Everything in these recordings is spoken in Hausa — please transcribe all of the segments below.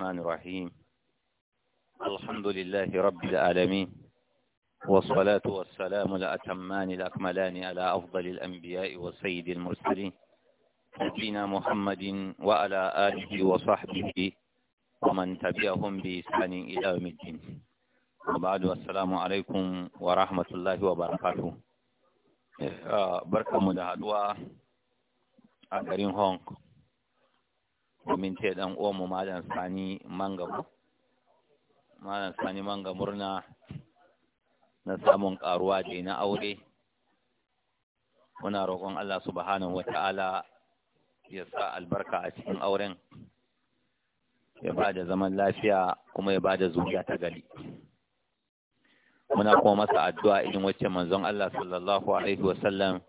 الرحمن الرحيم الحمد لله رب العالمين والصلاة والسلام الأتمان الأكملان على أفضل الأنبياء وسيد المرسلين نبينا محمد وعلى آله وصحبه ومن تبعهم بإسان إلى يوم الدين وبعد السلام عليكم ورحمة الله وبركاته بركة مدهدوة أكرم هونغ domin ce dan omu malam sani manga malam sani manga murna na samun ƙaruwa da na aure muna roƙon Allah subhanahu wata'ala ya sa albarka a cikin auren ya ba da zaman lafiya kuma ya ba da ta gari muna kuma masa addu'a irin wacce manzon Allah sallallahu alaihi wasallam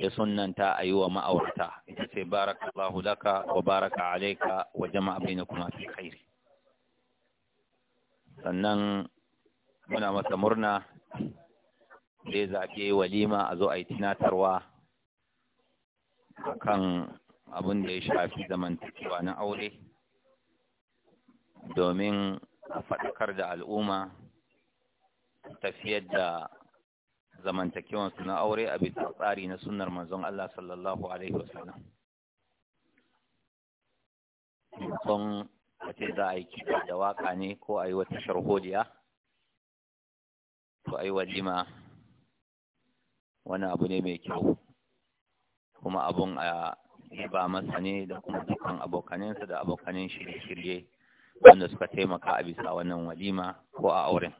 ya sunanta a yi wa ma'aurata ita ce baraka Allahu laka wa baraka alaika wa jama'a kuma fi khairi sannan muna masa murna da zaki zaɓe walima a zo a yi tunatarwa a kan abin da ya shafi zamantakewa na aure domin a faɗakar da al'umma tafiyar da zamantakewansu na aure a bisa tsari na sunnar manzon Allah sallallahu Alaihi wasallam. Son wace za a yi kiɗa da waƙa ne ko a yi wata sharhodiya? ko a yi walima wani abu ne mai kyau, kuma abun a ba masa ne da kuma dukkan abokaninsa da abokanin shirye-shirye wanda suka taimaka a bisa wannan walima ko a auren.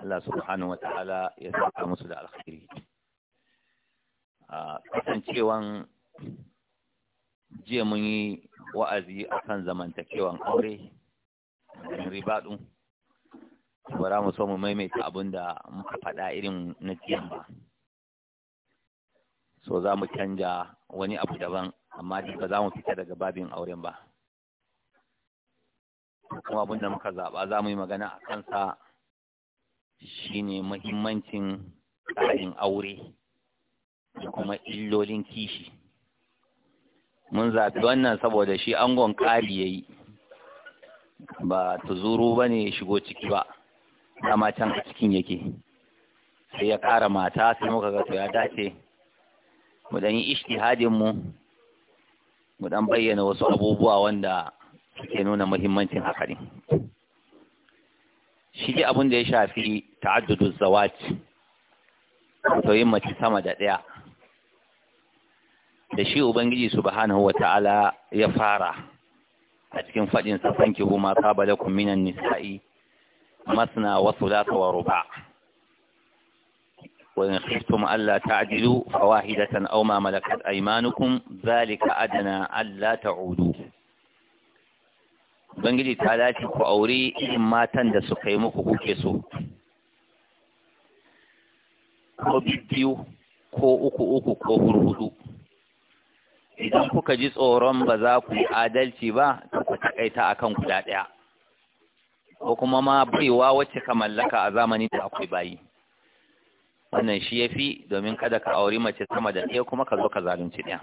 Allah subhanahu ta'ala ya saka musu da alkhairi a kasancewan jiya mun yi wa'azi akan zamantakewan aure da ribadu ba mu so mu maimaita abin da muka faɗa irin na jiyan ba so za mu canja wani abu daban amma ba za mu fita daga babin auren ba kuma abin da muka zaɓa za mu yi magana a kansa Shi ne mahimmancin ƙarin aure da kuma illolin kishi mun zafi wannan saboda shi angon ƙari ya yi ba tuzuru ba ne ya shigo ciki ba dama can a cikin yake sai ya ƙara mata sai muka ga to ya dace mu dan yi ishtihadinmu mu dan bayyana wasu abubuwa wanda suke nuna muhimmancin hakarin shi ne abin da ya shafi ta'addudu zawaci to yin mace sama da ɗaya da shi ubangiji subhanahu Ta'ala ya fara a cikin faɗin sa sanki huma saba lakum nisa'i masna wa thulatha wa ruba wa in khiftum alla ta'dilu fawahidatan aw ma malakat aymanukum dhalika adna alla ta'udu ubangiji ta dace ku aure irin matan da suka yi muku kuke so ko biyu ko uku uku ko hurhudu idan kuka ji tsoron ba za ku yi adalci ba ku takaita kan guda ɗaya ko kuma ma baiwa wacce ka mallaka a zamani da akwai bayi wannan shi ya fi domin kada ka auri mace sama da ɗaya kuma ka zo ka zalunci ɗaya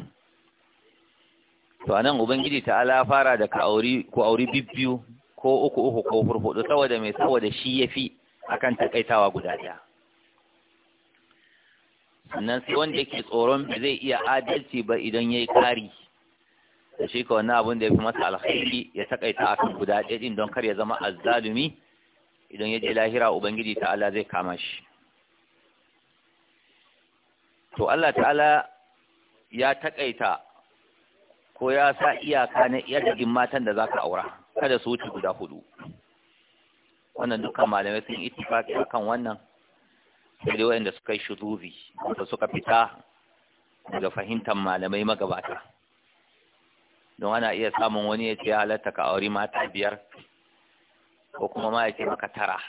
to anan ubangiji ala fara da ka auri ku auri bibbiyu ko uku uku ko furfudu saboda mai saboda shi yafi akan takaitawa guda daya sannan sai wanda yake tsoron ba zai iya adalci ba idan yayi kari da shi ka wannan abin da ya fi masa alkhairi ya takaita akan guda ɗaya din don kar ya zama azzalumi idan ya je lahira ubangiji ta ala zai kama shi to Allah ta'ala ya takaita ko ya sa iyaka na yadadin matan da za ka aura kada su wuce guda hudu wannan dukkan malamai sun a kan wannan sai dai suka yi shuzuzi da suka fita daga fahimtar malamai magabata don ana iya samun wani ya ce halatta ka auri mata biyar ko kuma ma ya ce maka tara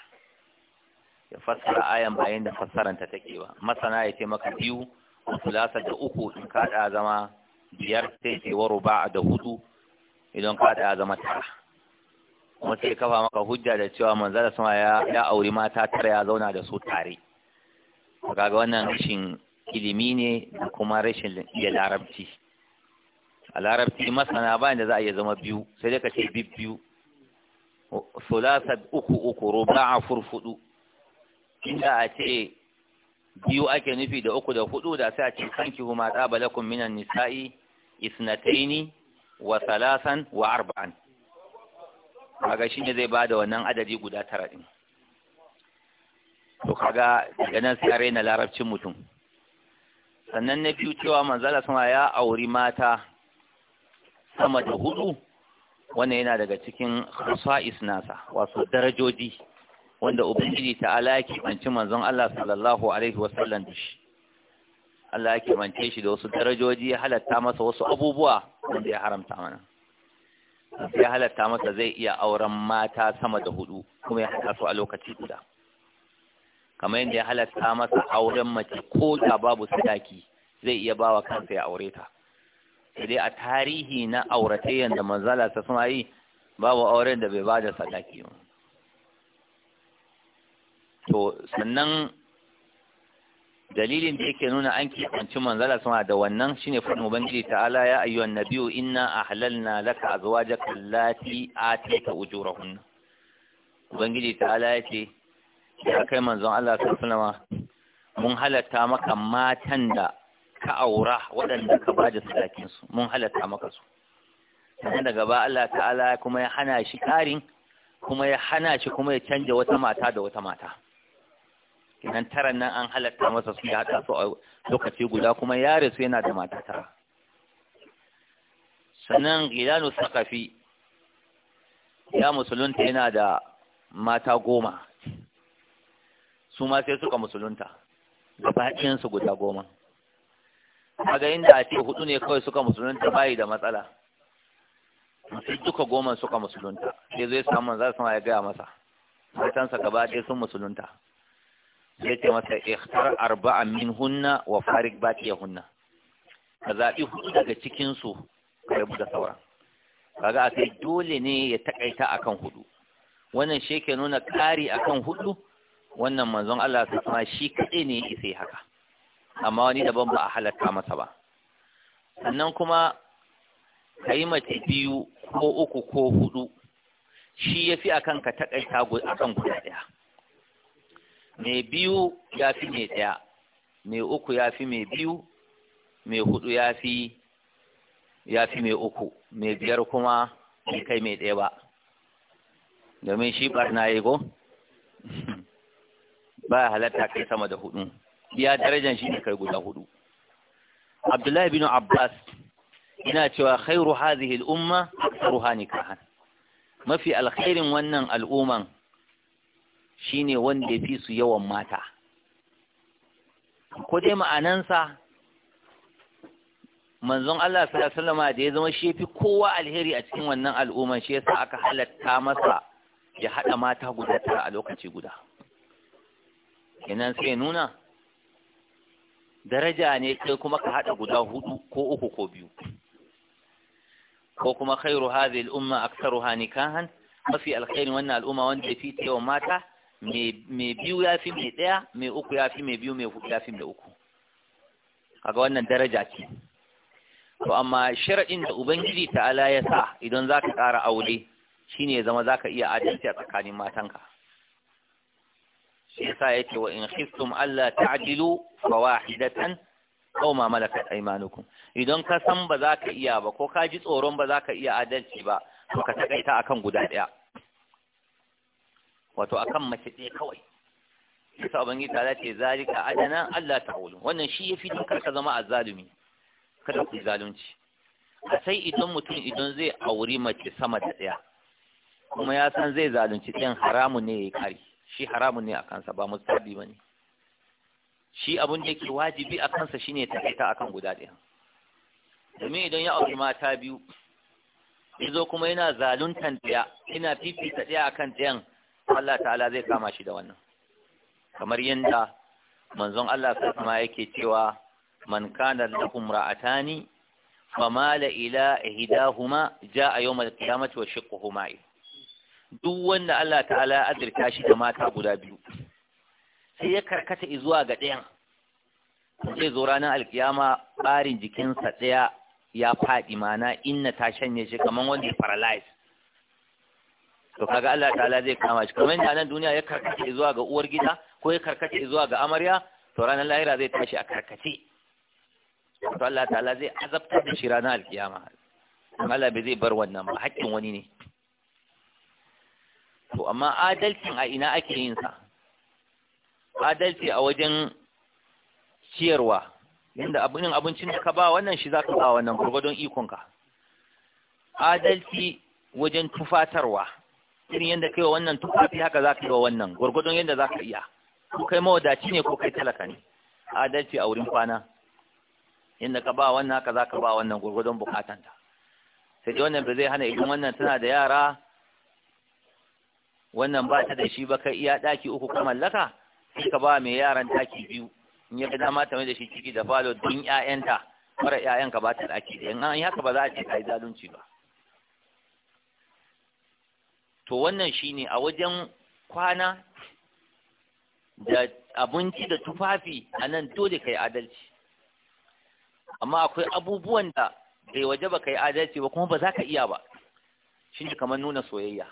ya fassara ayan bayan da fassaranta take ba masana ya ce maka biyu sulasa da uku in kada zama biyar sai ce ba a da hudu idan ka da zama tara kuma sai kafa maka hujja da cewa manzala sama ya ya auri mata tara ya zauna da su tare kaga wannan rashin ilimi ne da kuma rashin iya larabci a larabci masana ba da za a iya zama biyu sai dai ka ce biyu sa uku uku ruba'a furfudu inda a ce biyu ake nufi da uku da hudu da sai a ce kanki huma tsaba minan nisa'i isnataini wa salasan wa arba'an kaga ne zai ba da wannan adadi guda tara ɗin to kaga daga nan sai raina larabcin mutum sannan na biyu cewa manzala sama ya auri mata sama da hudu wannan yana daga cikin khasa'is nasa wasu darajoji wanda ubangiji ala ya kimanci manzon Allah sallallahu alaihi wasallam da shi Allah ya kimance shi da wasu darajoji ya halatta masa wasu abubuwa wanda ya haramta mana ya halatta masa zai iya auren mata sama da hudu kuma ya haɗa su a lokaci guda kamar yadda ya halatta masa auren mace ko da babu sadaki zai iya bawa kansa ya aure ta sai a tarihi na auratayyan da manzala ta suna yi babu auren da bai bada sadaki ba to sannan dalilin da yake nuna an kibanci manzala suna da wannan shine fadin ubangiji ta'ala ya ayyuhan nabiyyu inna ahlalna laka azwajaka allati atayta ujurahun ubangiji ta'ala ya ce ya kai manzon Allah sallallahu alaihi mun halatta maka matan da ka aura waɗanda ka ba da sadakin su mun halatta maka su sannan daga ba Allah ta'ala kuma ya hana shi karin kuma ya hana shi kuma ya canja wata mata da wata mata kenan tara nan an halatta masa su ya haɗa a lokaci guda kuma yare su yana da mata tara sannan gidanu sakafi ya musulunta yana da mata goma su ma sai suka musulunta gabaɗinsu guda goma A ga inda a ce hudu ne kawai suka musulunta bayi da matsala sai duka goma suka musulunta sai zai samun za su ma ya gaya masa matansa gaba ɗaya sun musulunta sai ce masa ikhtar arba'a min hunna wa farik ya hunna ka zaɓi hudu daga cikin su ka rabu da saura. kaga a dole ne ya takaita akan hudu wannan shi ke nuna ƙari akan hudu wannan manzon Allah su kuma shi kaɗai ne ya isa haka amma wani daban ba a halatta masa ba sannan kuma ka yi mace biyu ko uku ko hudu shi ya fi akan ka takaita akan guda ɗaya mai biyu ya fi mai ɗaya mai uku ya fi mai biyu mai hudu ya fi ya fi mai uku mai biyar kuma bai kai mai ɗaya ba domin shi barna ya go ba halatta kai sama da hudu ya darajan shi ne kai guda hudu abdullahi bin abbas ina cewa khairu hazihi al'umma ruhani nikahan mafi alkhairin wannan al'umman shine wanda ya fi su yawan mata ko dai ma'anansa manzon Allah sallallahu alaihi wasallam da ya zama shi fi kowa alheri a cikin wannan al'umman shi yasa aka halatta masa ya hada mata guda tara a lokaci guda kenan sai nuna daraja ne kai kuma ka hada guda hudu ko uku ko biyu ko kuma khairu hadhihi al-umma aktharuha nikahan mafi alkhairin wannan al'umma wanda fi yawan mata mai biyu ya fi mai ɗaya mai uku ya fi mai biyu mai hudu ya fi mai uku kaga wannan daraja ce to amma sharaɗin da ubangiji ta'ala ya sa idan za ka ƙara aure shine ya zama za ka iya adalci a tsakanin matanka shi sa ya ce wa in khiftum allah ta'dilu fawahidatan aw ma malakat aymanukum idan ka san ba za ka iya ba ko ka ji tsoron ba za ka iya adalci ba to ka takaita akan guda ɗaya wato akan mace ɗaya kawai yasa ubangiji ta ce zalika adana Allah ta ta'ulu wannan shi fi don karka zama azzalumi kada ku zalunci a sai idan mutum idan zai auri mace sama da ɗaya kuma ya san zai zalunci ɗin haramun ne ya yi kari shi haramun ne a kansa ba mustabi ba ne shi abin da yake wajibi a kansa shine ta fita akan guda ɗaya domin idan ya auri mata biyu Izo kuma yana zaluntan ɗaya yana fifita ɗaya akan ɗayan Allah ta'ala zai kama shi da wannan kamar yadda manzon Allah kuma yake cewa man kana lahum ra'atani famala ila ihdahuma jaa yawm al-qiyamati wa shiqquhuma duk wanda Allah ta'ala ya azurta shi da mata guda biyu sai ya karkata zuwa ga ɗayan sai zo ranar alkiyama ɓarin jikinsa ɗaya ya faɗi mana inna ta shanye shi kamar wanda ya paralyze to kaga Allah ta'ala zai kama shi kamar yadda nan duniya ya karkace zuwa ga uwar gida ko ya karkace zuwa ga amarya to ranar lahira zai tashi a karkace to Allah ta'ala zai azabtar da shi ranar alkiyama Allah bai zai bar wannan ba haƙƙin wani ne to amma adalcin a ina ake yin sa adalci a wajen ciyarwa inda abunin abincin da ka ba wannan shi zaka ba wannan gurgurdon ikonka adalci wajen tufatarwa irin yadda kai wa wannan tufafi haka za ka yi wa wannan gwargwadon yadda za ka iya ko kai mawadaci ne ko kai talaka ne adalci a wurin kwana yadda ka ba wannan haka za ka ba wannan gwargwadon bukatanta sai dai wannan ba zai hana idan wannan tana da yara wannan ba ta da shi ba kai iya ɗaki uku ka mallaka sai ka ba mai yaran ɗaki biyu in ya ga dama ta mai da shi ciki da falo don 'ya'yanta mara 'ya'yan ka ba ta ɗaki da in an yi haka ba za a ce ka yi zalunci ba to wannan shi ne a wajen kwana da abinci da tufafi a nan dole kai adalci amma akwai abubuwan da bai waje ba kai adalci ba kuma ba za ka iya ba shi ne kamar nuna soyayya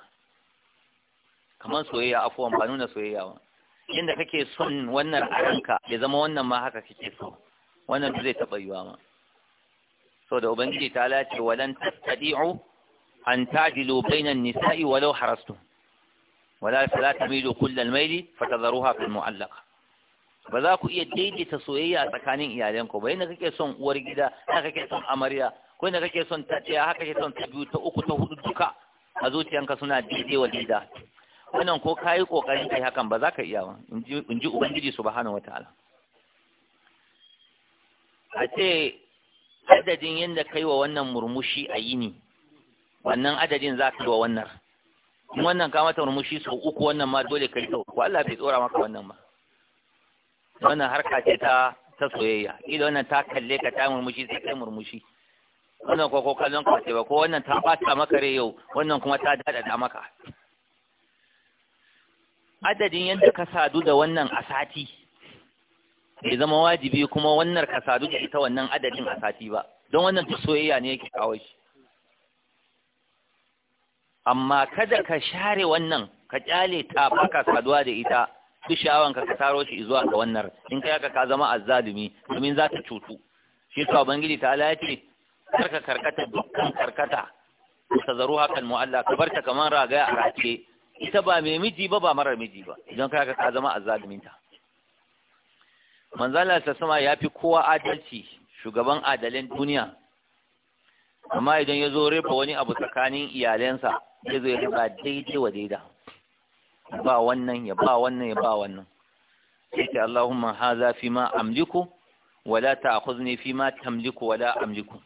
kamar soyayya afuwan ba nuna soyayya ba inda kake son wannan a ranka ya zama wannan ma haka kake so wannan zai taɓa yiwa ma so da ubangiji ta lace walan tastadi'u an ta'dilu bainan nisa'i walau harastum wala fala tamilu kullal maili fatadharuha fil mu'allaqa ba za ku iya daidaita soyayya a tsakanin iyalanku ba yadda kake son uwar gida haka kake son amarya ko yadda kake son ta ɗaya haka kake son ta biyu ta uku ta hudu duka a zuciyanka suna daidai wa lida wannan ko kayi kokarin kai hakan ba za ka iya ba in ji ubangiji subhanahu wataala a ce adadin yadda kai wa wannan murmushi a yini wannan adadin za ka yi wa wannan in wannan ka mata murmushi sau uku wannan ma dole ka yi sau uku Allah bai tsora maka wannan ba wannan harka ce ta ta soyayya ido wannan ta kalle ka ta murmushi sai kai murmushi wannan ko ko kallon ka ce ba ko wannan ta bata maka rai yau wannan kuma ta dada maka adadin yadda ka sadu da wannan a sati bai zama wajibi kuma wannan ka sadu da ita wannan adadin a sati ba don wannan ta soyayya ne yake kawo shi amma kada ka share wannan ka kyale ta baka saduwa da ita duk ka taro shi zuwa ga wannan in kai haka ka zama azzalimi domin za ta cutu shi ka ubangiji ta Allah yace karka karkata dukkan karkata ka zaru hakan mu'alla ka barka kamar ragaya a rake, ita ba mai miji ba ba marar miji ba idan kai haka ka zama azzalimin ta manzala ta sama ya fi kowa adalci shugaban adalin duniya amma idan ya zo rufe wani abu tsakanin iyalensa ya zo ya riba daidai wa daida ba wannan ya ba wannan ya ba wannan sai ce Allahumma haza fi ma amliku wala ta'khudni fi ma tamliku wala amliku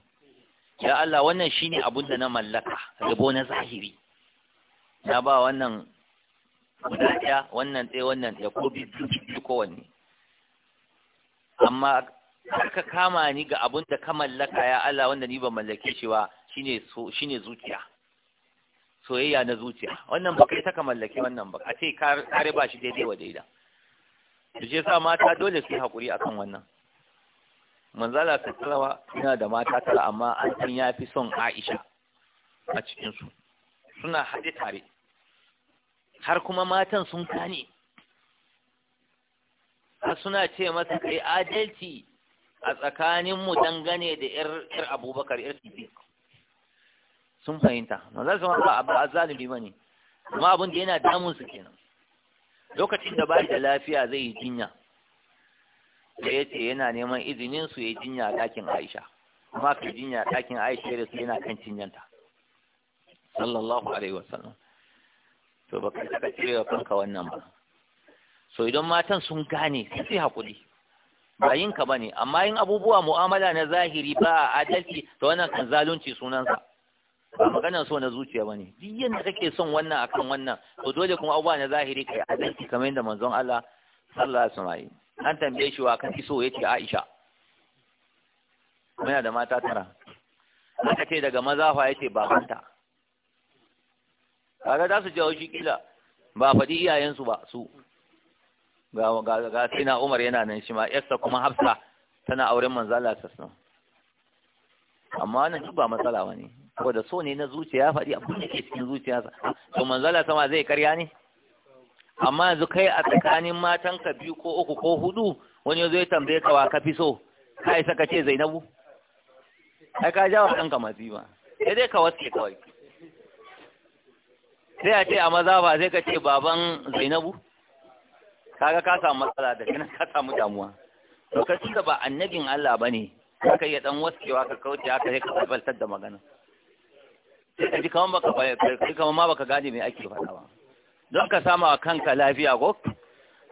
ya Allah wannan shine abun da na mallaka rabo na zahiri na ba wannan guda ɗaya wannan tsaye wannan ya ko biyu ko wanne amma ka kama ni ga abun da ka mallaka ya Allah wanda ni ba mallake shi ba shine so shine zuciya soyayya na zuciya wannan ba kai saka mallaki wannan ba a ce kare ba shi daidai wa daida da shi sa mata dole su yi haƙuri akan wannan manzala su talawa yana da mata tara amma an san ya fi son aisha a cikinsu suna haɗe tare har kuma matan sun kane har suna ce masa kai adalci a tsakaninmu dangane da 'yar abubakar 'yar siddiq sun fahimta manzon sama ba abu ba ne. amma abin da yana damun su kenan lokacin da bai da lafiya zai yi jinya da ya ce yana neman izinin su yi jinya a ɗakin Aisha kuma ka jinya a ɗakin Aisha da su yana kan cinyanta sallallahu alaihi wasallam to ba ka taɓa cire wa kanka wannan ba so idan matan sun gane sai su haƙuri ba yin ka ne. amma yin abubuwa mu'amala na zahiri ba a adalci to wannan kan zalunci sunansa ba maganar so na zuciya bane duk yanda kake son wannan akan wannan to dole kuma abuwa na zahiri kai adalci kamar yadda manzon Allah sallallahu alaihi wasallam an tambaye shi wa kan so yace Aisha muna da mata tara aka ce daga maza fa yace babanta kaga za su jawo shi kila ba faɗi iyayensu ba su ga ga ga sai na Umar yana nan shi ma yarsa kuma Hafsa tana auren manzon Allah sallallahu alaihi wasallam amma nan ba matsala bane saboda so ne na zuciya faɗi abin da ke cikin zuciyarsa to manzala sama zai karya ne amma yanzu kai a tsakanin matan ka biyu ko uku ko hudu wani zai tambaye ka wa ka fi so ka saka ka ce zainabu ai ka jawo ɗanka ba sai dai ka waske kawai sai a ce a maza ba sai ka ce baban zainabu kaga ka samu matsala da kina ka samu damuwa to ka ci gaba annabin Allah bane ka iya dan waskewa ka kauce haka sai ka tabbatar da magana sai ka ji kaman baka ma baka gane me ake faɗa ba don ka sama kanka lafiya ko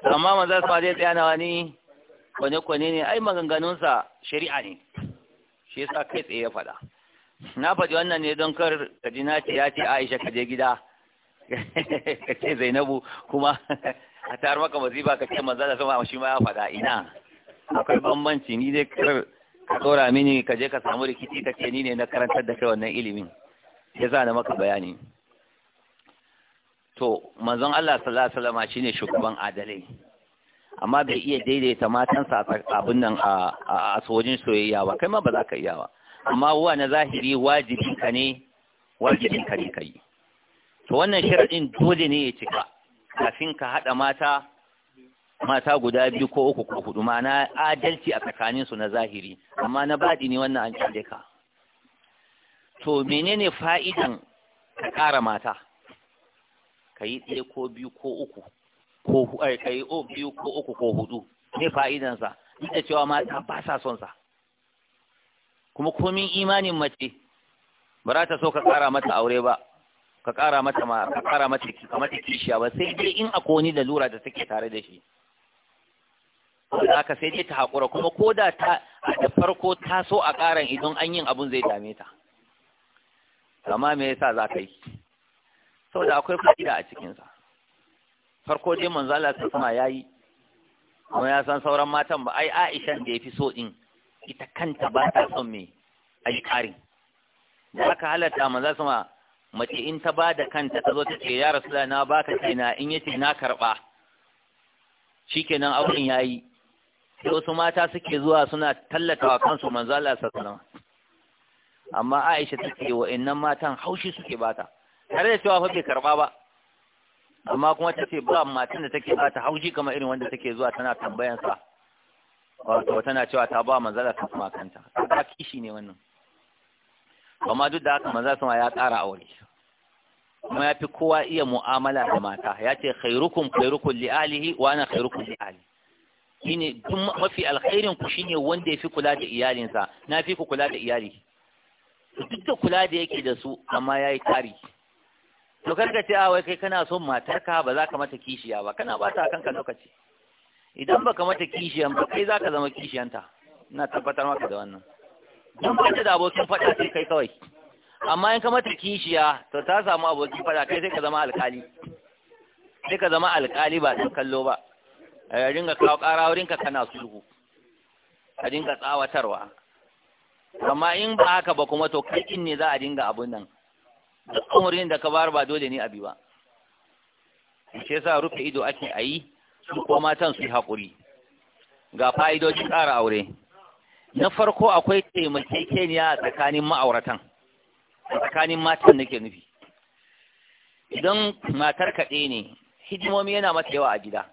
amma manzo sa dai tsaya na wani kwane kwane ne ai maganganun sa shari'a ne shi yasa kai tsaye ya faɗa na faɗi wannan ne don kar ka ji na ya ce Aisha ka je gida ka ce Zainabu kuma a tar maka masifa ka ce manzo sama shi ma ya faɗa ina akwai bambanci ni dai kar ka tsora mini ka je ka samu rikici ka ce ni ne na karantar da kai wannan ilimin ya sa na maka bayani to manzon Allah sallallahu alaihi wasallam shine shugaban adalai amma bai iya daidaita matansa abin nan a sojin soyayya ba kai ma ba za ka iya ba amma wa na zahiri wajibin ka ne wajibin ka ne kai to wannan sharadin dole ne ya cika kafin ka haɗa mata mata guda biyu ko uku ko hudu ma'ana adalci a tsakaninsu na zahiri amma na badi ne wannan an kyale ka to menene fa'idan ka ƙara mata ka yi ɗaya ko biyu ko uku ko ai eh, ka yi biyu ko uku ko hudu ne fa'idansa duk da cewa mata ba sa son sa kuma komin imanin mace ba za ta so ka ƙara mata aure ba ka ƙara mata ma ka ƙara mata kamar ki kishiya ba sai dai in akwai da lura da take tare da shi da aka sai dai ta haƙura kuma ko da ta farko ta so a ƙaran idan an yin abun zai dame ta amma me yasa za ka yi saboda akwai fa'ida a cikinsa farko dai manzo Allah ta sama yayi kuma ya san sauran matan ba ai Aisha da yafi so din ita kanta ba ta son me ai karin da aka halatta manzo sama mace in ta bada kanta ta zo ta ce ya rasulullah na baka kaina in yace na karba shikenan auren yayi sai wasu mata suke zuwa suna tallata wa kansu manzo Allah sallallahu alaihi wasallam amma Aisha take wa'annan matan haushi suke bata tare da cewa fa bai karba ba amma kuma tace ba matan da take bata haushi kamar irin wanda take zuwa tana tambayan sa wato tana cewa ta ba manzo ta kuma kanta ta kishi ne wannan amma duk da haka manzo sama ya tsara aure kuma ya fi kowa iya mu'amala da mata ya ce khairukum khairukum li alihi wa ana khairukum li ali shine duk mafi alkhairin ku shine wanda ya fi kula da iyalinsa na fi ku kula da iyali duk da kula da yake da su amma ya yi tari to karka ce ah, wai kai kana son matarka ba za ka mata kishiya ba kana bata a kanka lokaci idan ba ka mata kishiyan ba kai za ka zama kishiyanta ina tabbatar maka da wannan don ba da abokin faɗa sai kai kawai amma in ka mata kishiya to ta samu abokin faɗa kai sai ka zama alkali sai ka zama alkali ba sun kallo ba a eh, ringa kawo ƙara wurinka kana sulhu a dinga tsawatarwa amma in ba haka ba kuma to kai in ne za a dinga abun nan duk umarnin da ka bar ba dole ne abi ba shi yasa rufe ido ake ayi su ko matan su yi ga fa'idojin ƙara aure na farko akwai taimakekeniya a tsakanin ma'auratan a tsakanin matan nake nufi idan matar kaɗe ne hidimomi yana mata yawa a gida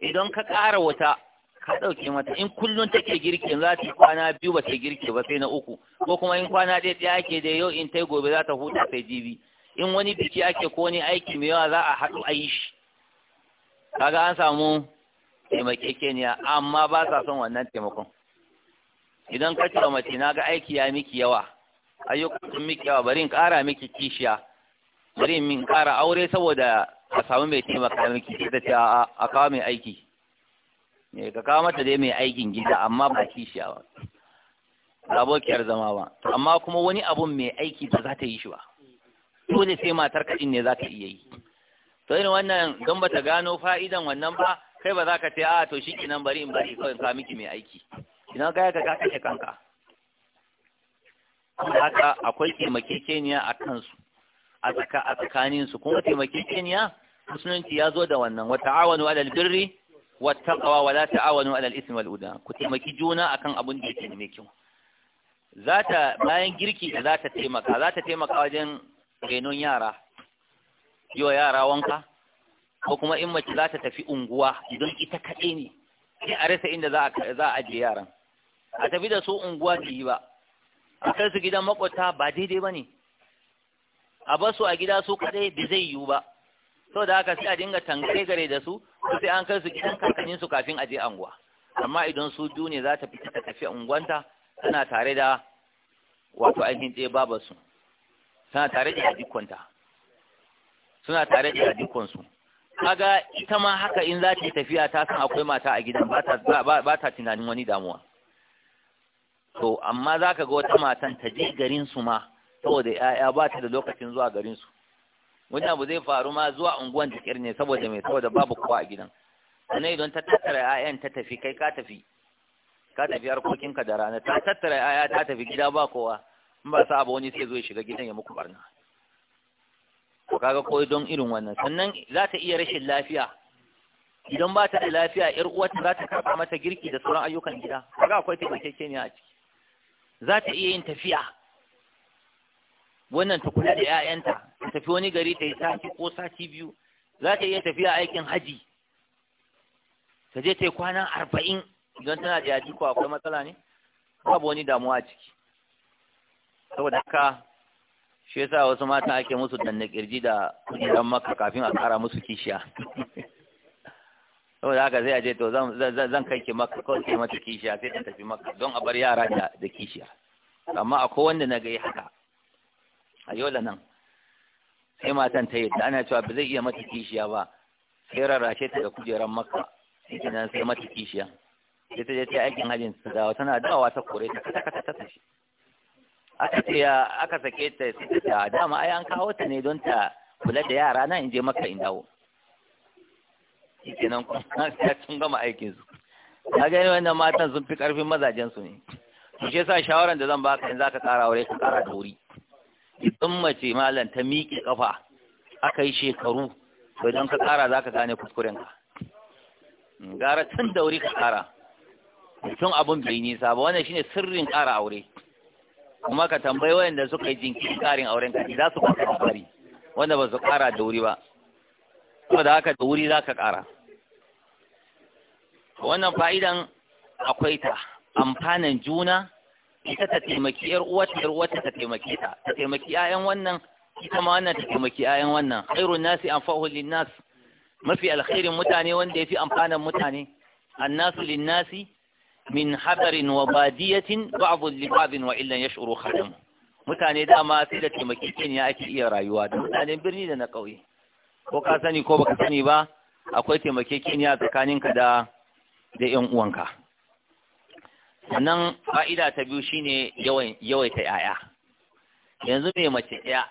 idan ka ƙara wata ka ɗauke mata in kullum take girkin za ta kwana biyu ba ta girke ba sai na uku ko kuma in kwana ɗaya ɗaya ake da yau in tai gobe za ta huta sai jibi in wani biki ake ko wani aiki mai yawa za a haɗu a yi shi kaga an samu taimakekeniya amma ba sa son wannan taimakon idan ka cewa mace na ga aiki ya miki yawa ayyukan miki yawa bari in ƙara miki kishiya bari in ƙara aure saboda a samu mai taimaka miki sai ta ce a kawo mai aiki ne eh, ka kawo mata dai mai aikin gida amma ba kishiya ba abokiyar zama ba amma kuma wani abun mai aiki ba za ta yi shi ba dole sai matar kaɗin ne za ta iya yi to irin wannan don ba ta gano fa'idan wannan ba kai ba za ka ce a to shi kinan bari in bari kawai ka miki mai aiki idan ka ka ka kashe kanka haka akwai taimakekeniya a kansu a tsakaninsu kuma taimakekeniya musulunci ya zo da wannan wata awanu alal birri wattaqwa wa la ta'awanu 'ala al-ithmi wal udwan ku taimaki juna akan abun da yake mai kyau zata bayan girki da zata taimaka zata taimaka wajen renon yara yo yara wanka ko kuma in mace za ta tafi unguwa idan ita kade ne sai a rasa inda za a ajiye yaran a tafi da su unguwa ki ba a kai su gidan makwata ba daidai ba ne a basu a gida su kaɗai bai zai yiwu ba da haka sai a dinga tankai gare da su sai an kai su gidan kakannin su kafin a je anguwa amma idan su biyu ne za ta fita ta tafi unguwanta tana tare da wato ainihin ɗaya babarsu tana tare da yadikonta suna tare da su kaga ita ma haka in za ta tafiya ta san akwai mata a gidan ba ta tunanin wani damuwa to amma za ka ga wata matan ta je garin su ma saboda 'ya'ya ba ta da lokacin zuwa garin su wani abu zai faru ma zuwa unguwan ta ne saboda mai saboda babu kowa a gidan sannan idan ta tattara 'ya'yan ta tafi kai ka tafi ka tafi harkokinka da rana ta tattara 'ya'ya ta tafi gida ba kowa in ba sa abu wani sai zo ya shiga gidan ya muku barna to kaga ko don irin wannan sannan za ta iya rashin lafiya idan ba ta da lafiya ƴar uwarta za ta karɓa mata girki da sauran ayyukan gida kaga akwai taimakekeniya a ciki za ta iya yin tafiya wannan ta kula da 'ya'yanta ta tafi wani gari ta yi sati ko sati biyu za ta iya tafiya aikin hajji? ta je ta yi kwana arba'in idan tana da yaji ko akwai matsala ne babu wani damuwa a ciki saboda haka shi yasa wasu mata ake musu danne kirji da dan maka kafin a kara musu kishiya saboda haka sai a je to zan kai ke maka kawai ke mata kishiya sai ta tafi maka don a bar yara da kishiya amma akwai wanda na ga haka a yola nan sai matan ta yadda ana cewa ba zai iya mata kishiya ba sai rarrashe ta da kujerar makka sai nan sai mata kishiya sai ta je ta aikin hajjin ta dawo tana dawa ta kore ta kata kata ta tashi aka ce ya aka sake ta sai ta dama ai an kawo ta ne don ta kula da yara nan in je makka in dawo kenan kuma sun gama aikin su ka gani wannan matan sun fi karfin mazajen su ne to shi yasa shawaran da zan baka in zaka kara aure ka kara da wuri in mace malam ta miƙe ƙafa aka yi shekaru to idan ka ƙara za ka gane kuskurenka gara tun da wuri ka ƙara tun abin bai nisa ba wannan shine sirrin ƙara aure kuma ka tambayi wayanda suka yi jinkirin ƙarin auren ka za su baka labari wanda ba su ƙara da wuri ba saboda haka da wuri za ka ƙara wannan fa'idan akwai ta amfanin juna ita ta taimaki yar uwata yar uwata ta taimake ta ta taimaki 'ya'yan wannan ita ma wannan ta taimaki 'ya'yan wannan khairun nasi anfa'u lin-nas mafi alkhairin mutane wanda ya fi amfanan mutane annasu lin-nasi min hadarin wa badiyatin ba li ba'd wa illan ya yash'uru khadamu mutane dama sai da taimaki kenya ake iya rayuwa da mutanen birni da na ƙauye ko ka sani ko baka sani ba akwai taimakekeniya tsakaninka da da ƴan uwanka sannan fa'ida ta biyu shine yawan yawaita yaya yanzu mai mace ɗaya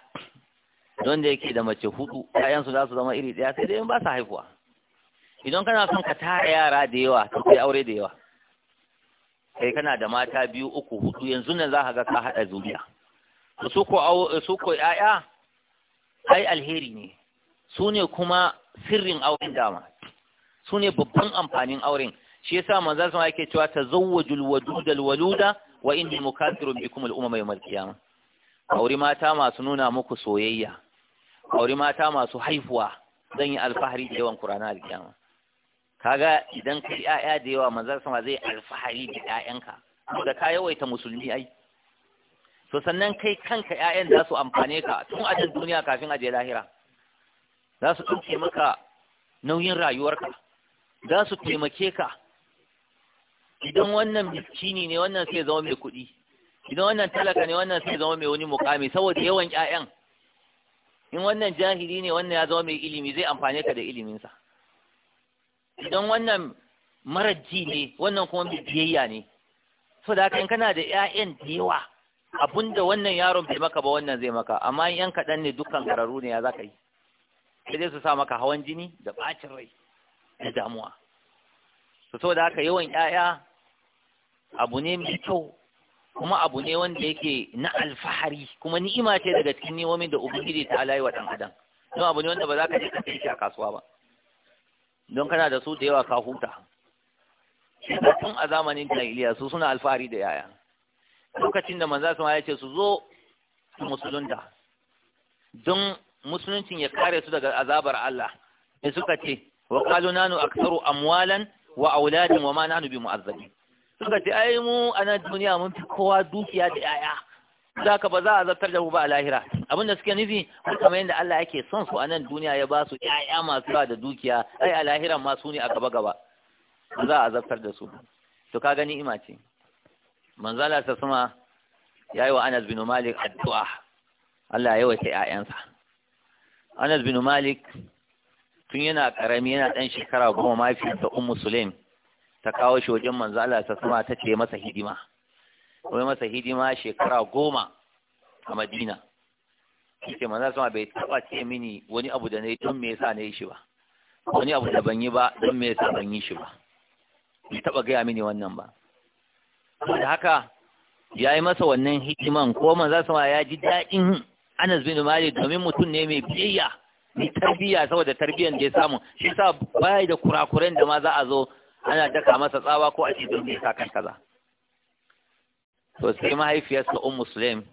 don da yake da mace hudu yayansu za su zama iri ɗaya sai dai in ba su haihuwa idan kana son ka tara yara da yawa to kai aure da yawa kai kana da mata biyu uku hudu yanzu nan za ka ga ka haɗa zuriya su ko 'ya'ya? ai alheri ne su ne kuma sirrin auren dama su ne babban amfanin auren shi yasa manzon sama yake cewa tazawwajul wadudal waluda wa inni mukathirun bikum al umama yawmal qiyamah auri mata masu nuna muku soyayya auri mata masu haifuwa zan yi alfahari da yawan al alkiyama kaga idan ka yi da yawa manzon sama zai alfahari da ƴaƴanka da ka yawaita musulmi ai to sannan kai kanka ƴaƴan za su amfane ka tun a duniya kafin a je lahira za su ɗauke maka nauyin rayuwarka za su taimake ka idan wannan miskini ne wannan sai zama mai kuɗi idan wannan talaka ne wannan sai zama mai wani mukami saboda yawan ƴaƴan in wannan jahili ne wannan ya zama mai ilimi zai amfane ka da iliminsa idan wannan maraji ne wannan kuma mai biyayya ne so da kan kana da ƴaƴan da yawa abunda wannan yaron bai maka ba wannan zai maka amma in ƴan kaɗan ne dukkan kararu ne ya za ka yi sai dai su sa maka hawan jini da ɓacin rai da damuwa sau da haka yawan ƴaƴa abu ne mai kyau kuma abu ne wanda yake na alfahari kuma ni'ima ce daga cikin ni'imomin da ubangiji ta alayi wa ɗan adam don abu ne wanda ba za ka je ka kai a kasuwa ba don kana da su da yawa ka huta tun a zamanin jahiliya su suna alfahari da yaya lokacin da manzo ma ya ce su zo su musulunta don musuluncin ya kare su daga azabar Allah sai suka ce wa qalu nanu aktharu amwalan wa auladin wa ma nanu bi mu'azzabin suka ce ai mu a nan duniya mun fi kowa dukiya da yaya za ka ba za a zartar da mu ba a lahira abin da suke nufi kamar yadda Allah yake son su a nan duniya ya ba su yaya masu ba da dukiya ai a lahiran ma su ne a gaba gaba za a zartar da su to ka gani ima ce manzala ta ya yi wa Anas bin Malik addu'a Allah ya wace ƴaƴansa Anas bin Malik tun yana karami yana ɗan shekara goma da Ummu Sulaim ta kawo shi wajen manzo Allah ta sama ta ce masa hidima wai masa hidima shekara goma a Madina ce manzo sama bai taba ce mini wani abu da nayi don me yasa na yi shi ba wani abu da ban yi ba don me yasa ban yi shi ba bai taba gaya mini wannan ba da haka ya yi masa wannan hikiman ko manzo sama ya ji daɗin Anas bin Malik domin mutum ne mai biyayya mai tarbiyya saboda tarbiyan da ya samu shi sa bai da kurakuren da ma za a zo ana daka masa tsawa ko a ce don me kan kaza to sai mahaifiyarsa ummu sulaim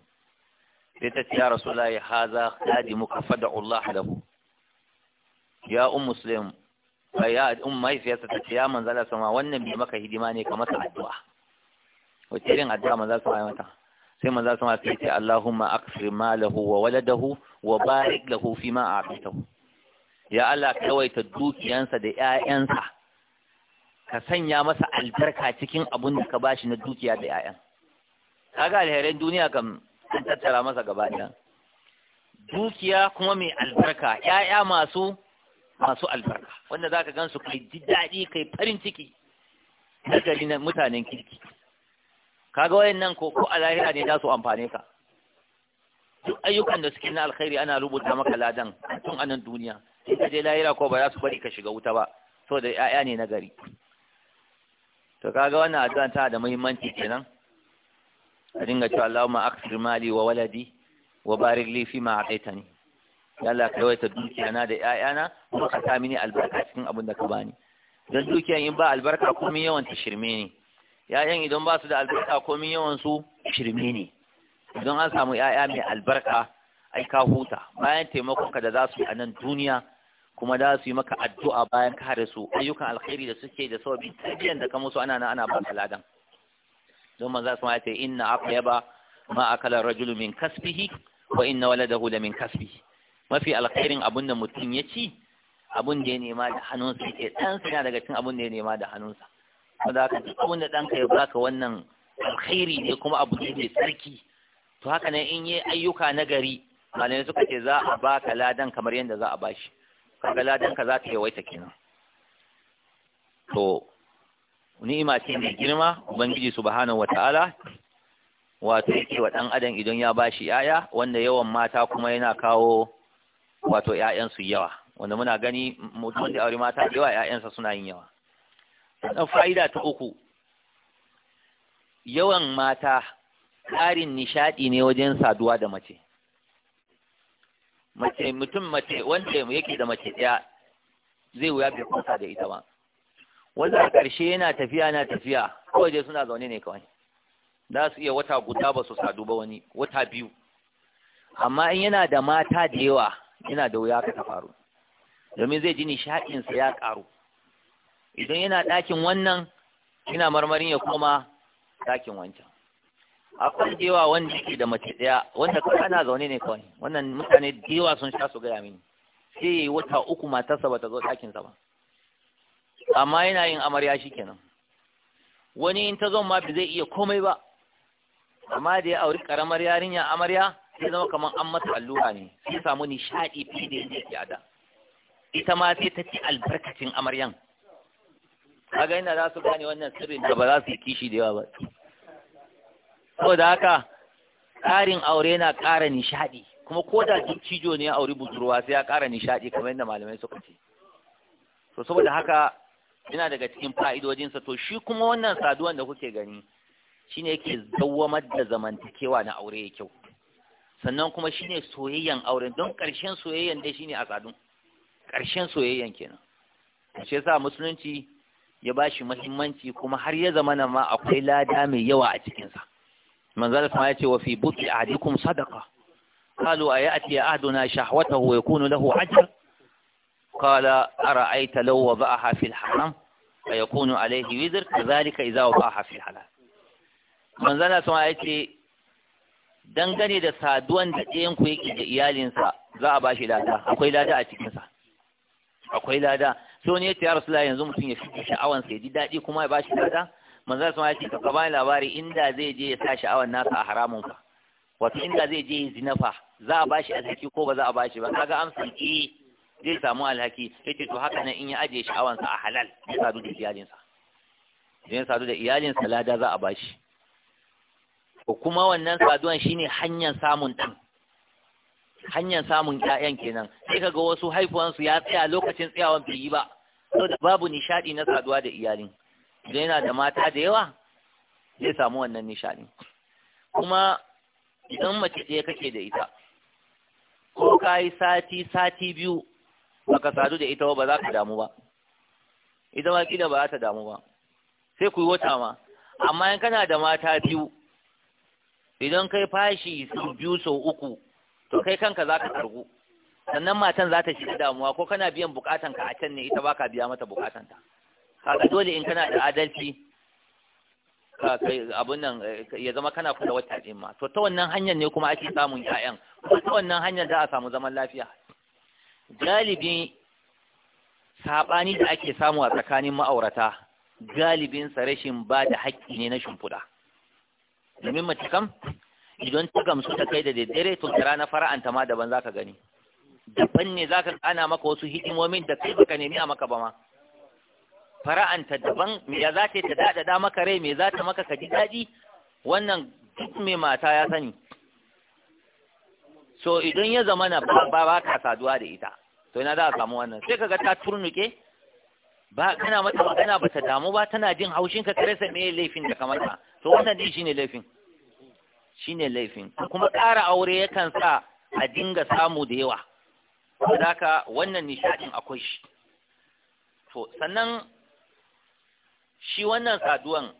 sai ta ce ya rasulullahi haza khadimuka fad'u Allah lahu ya ummu sulaim ya ummu mahaifiyarsa ta ce ya manzala sama wannan bai maka hidima ne ka masa addu'a wace irin addu'a manzala sama ya mata sai manzala sama sai ce Allahumma akfir malahu wa waladahu wa barik lahu fima a'tahu ya Allah kawaita dukiyansa da ƴaƴansa ka sanya masa albarka cikin abun da ka bashi na dukiya da 'ya'ya kaga alherin duniya kam tattara masa gaba ɗaya dukiya kuma mai albarka 'ya'ya masu masu albarka wanda zaka gansu kai ji daɗi kai farin ciki nagari na mutanen kirki kaga wayannan ko ko a ne za su amfane ka duk ayyukan da suke na alkhairi ana rubuta maka ladan tun anan duniya in ka je lahira ko ba za su bari ka shiga wuta ba saboda 'ya'ya ne na gari to kaga wannan addu'a ta da muhimmanci kenan a dinga cewa Allahumma aksir mali wa waladi wa barik li ma ataitani ya Allah ka yawaita dukiyana da ƴaƴana kuma ka sa mini albarka cikin abin da ka bani dan dukiyan in ba albarka ko min yawan ta shirme ne ƴaƴan idan ba su da albarka ko min yawan su shirme ne idan an samu ƴaƴa mai albarka ai ka huta bayan taimakon ka da za su yi a nan duniya kuma da su yi maka addu'a bayan ka hada su ayyukan alkhairi da suke da sababin tabiyan da ka musu ana ana ba ka ladan don manzo sun ya ce inna aqyaba ma akala rajulu min kasbihi wa inna waladahu la min kasbihi mafi alkhairin abun da mutum ya ci abun da ya nema da hannunsa yake dan sa daga cikin abun da ya nema da hannunsa wanda haka duk abun da danka ya ka wannan alkhairi ne kuma abu ne mai tsarki to haka ne in yi ayyuka nagari, malamai suka ce za a ba ka ladan kamar yadda za a ba shi. kaga ladan ka za ta yawaita kenan to ni'ima ce mai girma ubangiji subhanahu wataala wato yake wa ɗan adam idan ya bashi yaya wanda yawan mata kuma yana kawo wato su yawa wanda muna gani mutum da aure mata yawa sa suna yin yawa dan fa'ida ta uku yawan mata ƙarin nishaɗi ne wajen saduwa da mace mace mutum mace wanda yake da mace ɗaya zai wuya bai kwanta da ita ba wanda a ƙarshe yana tafiya na tafiya kawai dai suna zaune ne kawai za su iya wata guda ba su sadu ba wani wata biyu amma in yana da mata da yawa yana da wuya ka faru domin zai ji nishaɗinsa ya ƙaru idan yana ɗakin wannan yana marmarin ya koma ɗakin wancan akwai dewa wanda yake da mace daya wanda kawai ana zaune ne kawai wannan mutane dewa sun sha su gaya mini sai yi wata uku matarsa bata zo sa ba amma yana yin amarya shi kenan wani in ta zo ma ba zai iya komai ba amma da ya auri karamar yarinya amarya sai zama kamar an mata allura ne sai samu nishaɗi fi da yake ke ada, ita ma sai ta ci albarkacin amaryan kaga ina za su gane wannan sirrin da ba za su yi kishi da yawa ba saboda haka tsarin aure na ƙara nishaɗi kuma ko da cijo ne ya auri budurwa sai ya ƙara nishaɗi kamar yadda malamai suka ce to saboda haka yana daga cikin fa'idodinsa to shi kuma wannan saduwan da kuke gani shine yake dawwamar da zamantakewa na aure ya kyau sannan kuma shine soyayyan auren don ƙarshen soyayyan dai shine a sadun ƙarshen soyayyan kenan shi yasa musulunci ya bashi muhimmanci kuma har ya zamana ma akwai lada mai yawa a cikinsa. manzal kuma yace wa fi buti ahdikum sadaqa qalu ayati ahduna shahwatahu wa yakunu lahu ajr qala ara'aita law wada'aha fil haram fa yakunu alayhi wizr kadhalika idza wada'aha fil halal manzal kuma yace dangane da saduwan da ɗayan ku yake da iyalinsa za a bashi lada akwai lada a cikinsa akwai lada so ne ya ce ya rasu yanzu mutum ya fi sha'awansa ya ji daɗi kuma ya bashi lada manzo sama ya ce ka bani labari inda zai je ya sa sha'awar nasa a haramun fa wato inda zai je yin zina fa za a bashi alhaki ko ba za a bashi ba kaga amsa ki eh, zai samu alhaki yace to haka nan in ya ajiye sha'awansa a halal zai sadu da iyalin sa zai sadu da sa lada za a bashi ko kuma wannan saduwan shine hanyar samun ɗan hanyar samun ƴaƴan kenan sai kaga wasu haifuwansu ya tsaya lokacin tsayawan bai yi ba saboda babu nishaɗi na saduwa da iyalin idan yana da mata da yawa zai samu wannan nishaɗi kuma idan mace ɗaya kake da ita ko ka yi sati sati biyu baka sadu da ita ba za ka damu ba ita ma kila ba za ta damu ba sai ku yi wata ma amma in kana da mata biyu idan kai fashi sau biyu sau uku to kai kanka za ka targu sannan matan za ta shiga damuwa ko kana biyan bukatan ka a can ne ita baka biya mata bukatanta kaga dole in kana da adalci ka abun nan eh, ya zama kana kula wata din ma to ta wannan hanyar ne kuma ake samun ƴaƴan ta wannan hanyar za a samu zaman lafiya galibin saɓani da ake samu a tsakanin ma'aurata galibin sa rashin ba da haƙƙi ne na shimfuda. domin mace kam idan ta gamsu ta kai da daddare to kira na fara'anta ma daban zaka gani daban ne zaka ana maka wasu hidimomin da kai baka nemi a maka ba ma fara'anta daban ya za ta daɗaɗa maka rai me za ta maka ka ji daɗi wannan duk mai mata ya sani so idan ya zama na ba ba ka saduwa da ita to ina za a samu wannan sai kaga ta turnuke ba kana mata magana ba ta damu ba tana jin haushin ka karesa me laifin da kamar ka. to wannan din shine laifin shine laifin kuma ƙara aure yakan sa a dinga samu da yawa saboda wannan nishadin akwai shi to sannan shi wannan saduwan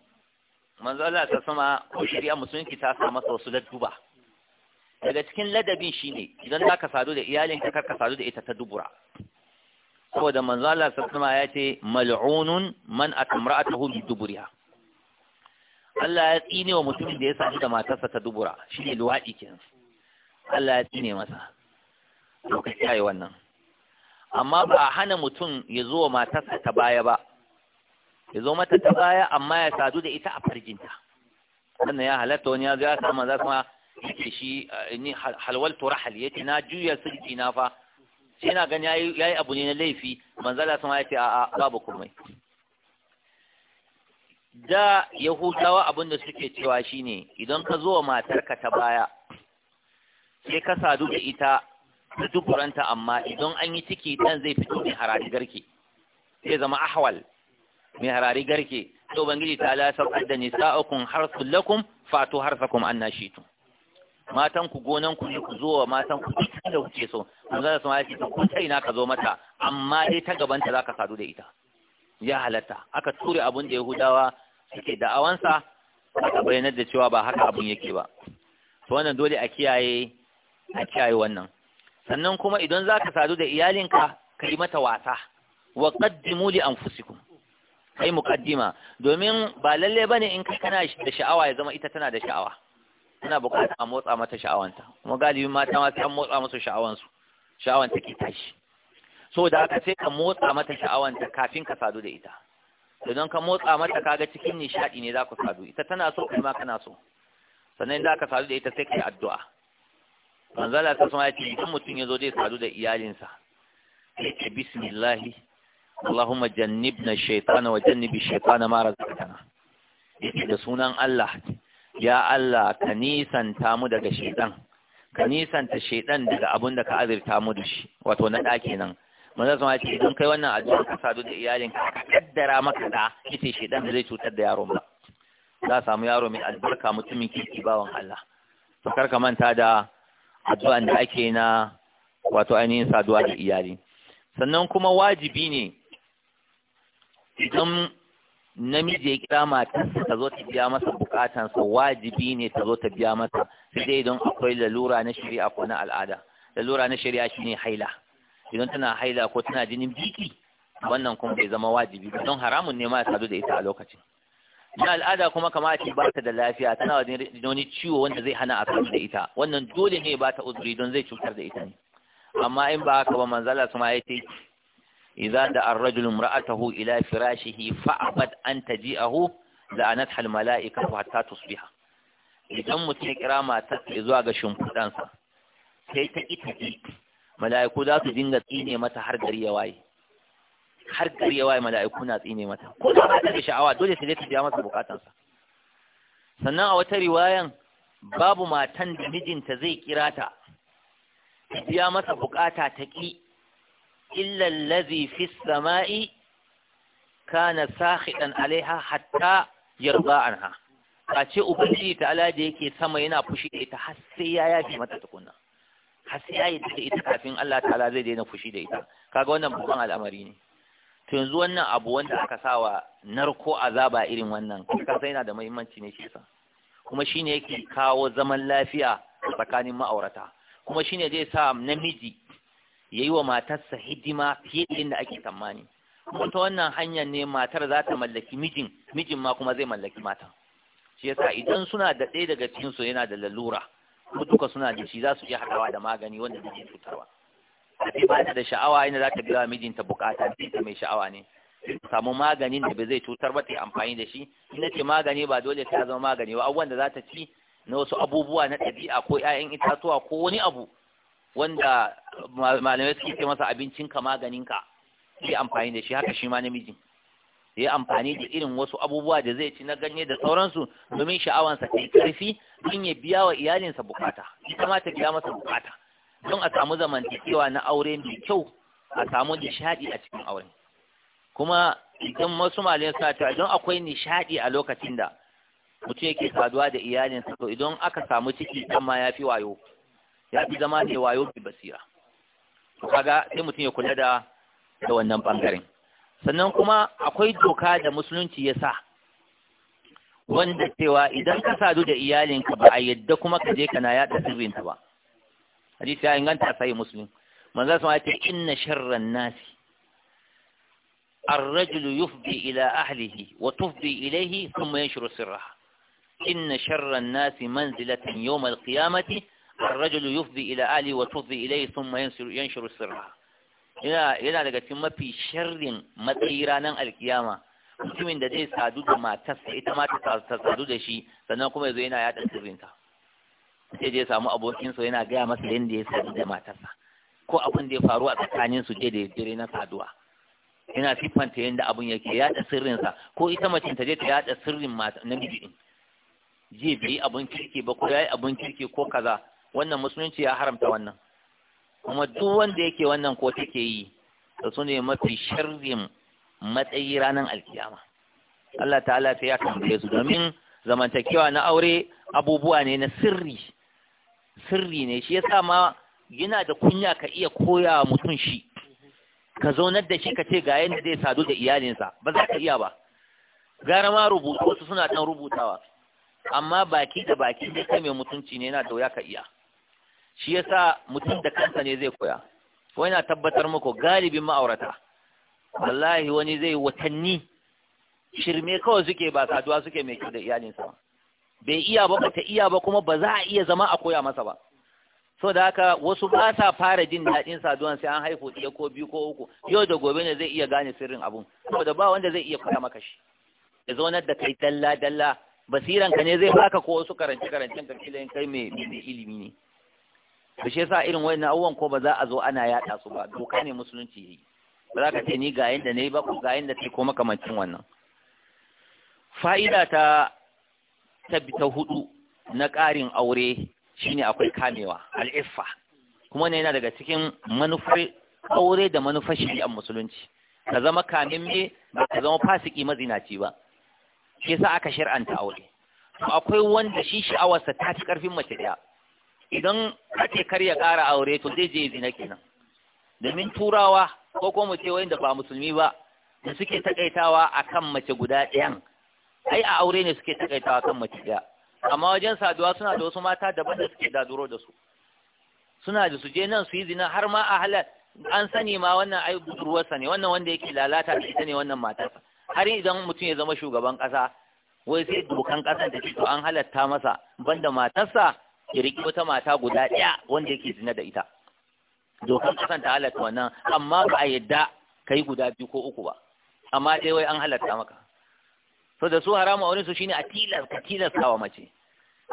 manzo Allah ta sama ko shari'a musulunci ta sa masa wasu ladduba daga cikin ladabin ne idan ka sadu da iyalin ka karka sadu da ita ta dubura saboda manzo Allah ta sama ya ce mal'unun man atamra'atuhu bi duburiha Allah ya tsine wa mutumin da ya sadu da matarsa ta dubura shi ne luwadi kin Allah ya tsine masa lokaci yayi wannan amma ba hana mutum ya zo matarsa ta baya ba ya zo mata ta baya amma ya sadu da ita a farjinta wannan ya halatta wani ya zo ya samu za kuma yake shi eh, ni halwaltu rahal na juya sirki na fa sai na gani yayi abu ne na laifi manzala sun yace a a babu komai da yahudawa abinda suke cewa shine idan ka zo wa matarka ta baya sai ka sadu da ita da duburanta amma idan an yi ciki dan zai fito ne haraji garki. sai zama ahwal mai harari garke to bangiji ta la da nisa'ukum harsul lakum fatu harsakum tu matan ku gonan ku ku zo wa matan ku da kuke so an zara sun aiki ku sai na ka zo mata amma dai ta gaban ta zaka sadu da ita ya halatta aka ture abun da yahudawa suke awansa aka bayyana da cewa ba haka abun yake ba to wannan dole a kiyaye a kiyaye wannan sannan kuma idan zaka sadu da iyalinka ka yi mata wasa wa qaddimu li anfusikum kai mukaddima domin ba lalle bane in kai kana da sha'awa ya zama ita tana da sha'awa tana buƙatar a motsa mata sha'awanta kuma galibin mata ma sai an motsa musu sha'awansu sha'awan take tashi so da aka sai ka motsa mata sha'awanta kafin ka sadu da ita idan ka motsa mata kaga cikin nishadi ne za ku sadu ita tana so kai ma kana so sannan za ka sadu da ita sai kai addu'a manzala ta sama ya ce idan mutum ya zo zai sadu da iyalinsa ya ce bismillahi Allahumma jannibna shaytana wa jannibi shaytana ma razaqtana da sunan Allah ya Allah ka nisanta mu daga shaytan ka nisanta shaytan daga abun da ka azurta mu da shi wato na da kenan manzo sama ce idan kai wannan addu'a ka sadu da iyalin ka kaddara maka da yace da zai cutar da yaron ba za samu yaro mai albarka mutumin kirki bawan Allah to kar ka manta da addu'an da ake na wato ainihin saduwa da iyali sannan kuma wajibi ne idan namiji ya kira matarsa ta zo ta biya masa bukatan bukatansa wajibi ne ta zo ta biya masa sai dai idan akwai lalura na shari'a ko na al'ada lalura na shari'a shine haila idan tana haila ko tana jinin biki wannan kuma bai zama wajibi don haramun ne ma ya sadu da ita a lokacin na al'ada kuma kama ce ba ta da lafiya tana wajen wani ciwo wanda zai hana a da ita wannan dole ne ba ta uzuri don zai cutar da ita ne amma in ba haka ba manzala su ma ya ce da ar-rajul imra'atahu ila firashihi fa'abat idan mutum ya kira matar ta zuwa ga shimfidansa sai ta ita mala'iku za su dinga tsine mata har gari ya waye har gari ya waye mala'iku na tsine mata ko da ba ta da sha'awa dole sai ta biya masa bukatansa sannan a wata riwayan babu matan da mijinta zai kira ta biya masa bukata ta ƙi. illa allazi fi samai kana sakhidan alaiha hatta yarda anha a ce ubangiji ta ala da yake sama yana fushi da ita har sai ya yafi mata tukunna har sai ya yi da ita kafin Allah ta'ala zai daina fushi da ita kaga wannan babban al'amari ne to yanzu wannan abu wanda aka sawa narko azaba irin wannan kasa yana da muhimmanci ne shi sa. kuma shine yake kawo zaman lafiya tsakanin ma'aurata kuma shine zai sa namiji ya yi wa matarsa hidima fiye da yadda ake tsammani kuma ta wannan hanyar ne matar za ta mallaki mijin mijin ma kuma zai mallaki mata shi yasa idan suna da ɗaya daga cikin su yana da lalura ko duka suna da shi za su iya haɗawa da magani wanda zai cutarwa sai ba da sha'awa yana za ta mijin mijinta bukata ta mai sha'awa ne samu maganin da bai zai cutar ba ta yi amfani da shi ina ce magani ba dole ta zama magani ba abubuwan da za ta ci na wasu abubuwa na ɗabi'a ko 'ya'yan itatuwa ko wani abu wanda malamai suke ce masa abincin ka maganin ka sai amfani da shi haka shi ma namijin yi amfani da irin wasu abubuwa da zai ci na ganye da sauransu domin sha'awansa ta yi ƙarfi don ya biya wa iyalinsa bukata ita ma ta biya masa bukata don a samu zamantakewa na aure mai kyau a samu nishaɗi a cikin aure kuma idan wasu malamai suna cewa don akwai nishaɗi a lokacin da mutum yake saduwa da iyalinsa to idan aka samu ciki amma ma ya fi wayo ya fi zama ne wayo fi basira to kaga sai mutum ya kula da da wannan bangaren sannan kuma akwai doka da musulunci ya sa wanda cewa idan ka sadu da iyalinka ba a yadda kuma ka je kana yaɗa sirrinta ba hadisi ya inganta sai musulmi manzo sun ce inna sharran nasi الرجل يفضي إلى أهله وتفضي إليه ثم ينشر سرها إن شر الناس منزلة يوم القيامة الرجل يفضي إلى أهله وتفضي إليه ثم ينشر, ينشر السر yana daga cikin mafi sharrin matsayi ranar alkiyama mutumin da zai sadu da matarsa ita ma ta sadu da shi sannan kuma yazo yana yada sirrinta sai je samu abokinsa yana gaya masa yadda ya sadu da matarsa ko abin da ya faru a tsakanin su je da dare na saduwa yana siffanta yadda abin yake yada sirrinsa ko ita macin ta je ta yada sirrin namiji din je bai abin kirki ba ko yayi abin kirki ko kaza wannan musulunci ya haramta wannan kuma duk wanda yake wannan ko take yi da su mafi sharrin matsayi ranar alkiyama Allah ta'ala sai ya tambaye su domin zamantakewa na aure abubuwa ne na sirri sirri ne shi yasa ma yana da kunya ka iya koya mutum shi ka zaunar da shi ka ce ga yadda zai sadu da iyalinsa ba za ka iya ba gara ma rubutu suna ɗan rubutawa amma baki da baki ne kai mai mutunci ne yana da wuya ka iya shi yasa mutum da kansa ne zai koya Wai na tabbatar muku galibin ma'aurata wallahi wani zai watanni shirme kawai suke ba saduwa suke mai kyau da iyalinsa bai iya ba ta iya ba kuma ba za a iya zama a koya masa ba so da haka wasu ba sa fara jin daɗin saduwan sai an haifu ɗaya ko biyu ko uku yau da gobe ne zai iya gane sirrin abun da ba wanda zai iya koya maka shi ya zaunar da kai dalla dalla basiranka ne zai baka ko wasu karance karancen ka kai mai ilimi ne da shi yasa irin wayannan abubuwan ko ba za a zo ana yaɗa su ba doka ne musulunci yi ba za ka ce ni ga yanda ne ba ko ga yanda ce ko makamancin wannan fa'ida ta ta hudu na ƙarin aure shine akwai kamewa al'iffa kuma ne yana daga cikin manufar aure da manufar shari'ar musulunci ka zama kamin me ba ka zama fasiki mazinaci ba shi yasa aka shar'anta aure akwai wanda shi sha'awarsa ta ci karfin mace ɗaya idan ake karya ƙara aure to zai je zina kenan domin turawa ko ko mu ce wanda ba musulmi ba da suke takaitawa akan mace guda ɗayan ai a aure ne suke takaitawa akan mace ɗaya amma wajen saduwa suna da wasu mata daban da suke daduro da su suna da su je nan su yi zina har ma a halal an sani ma wannan ai budurwarsa ne wannan wanda yake lalata da ita ne wannan matarsa har idan mutum ya zama shugaban ƙasa wai sai dokan ƙasar da to an halatta masa banda matarsa ya riƙe wata mata guda ɗaya wanda yake zina da ita dokar kasan ta halatta wannan amma ba a yadda ka yi guda biyu ko uku ba amma dai wai an halatta maka so da su haramu a wurinsu shine a tilas ka tilasta wa mace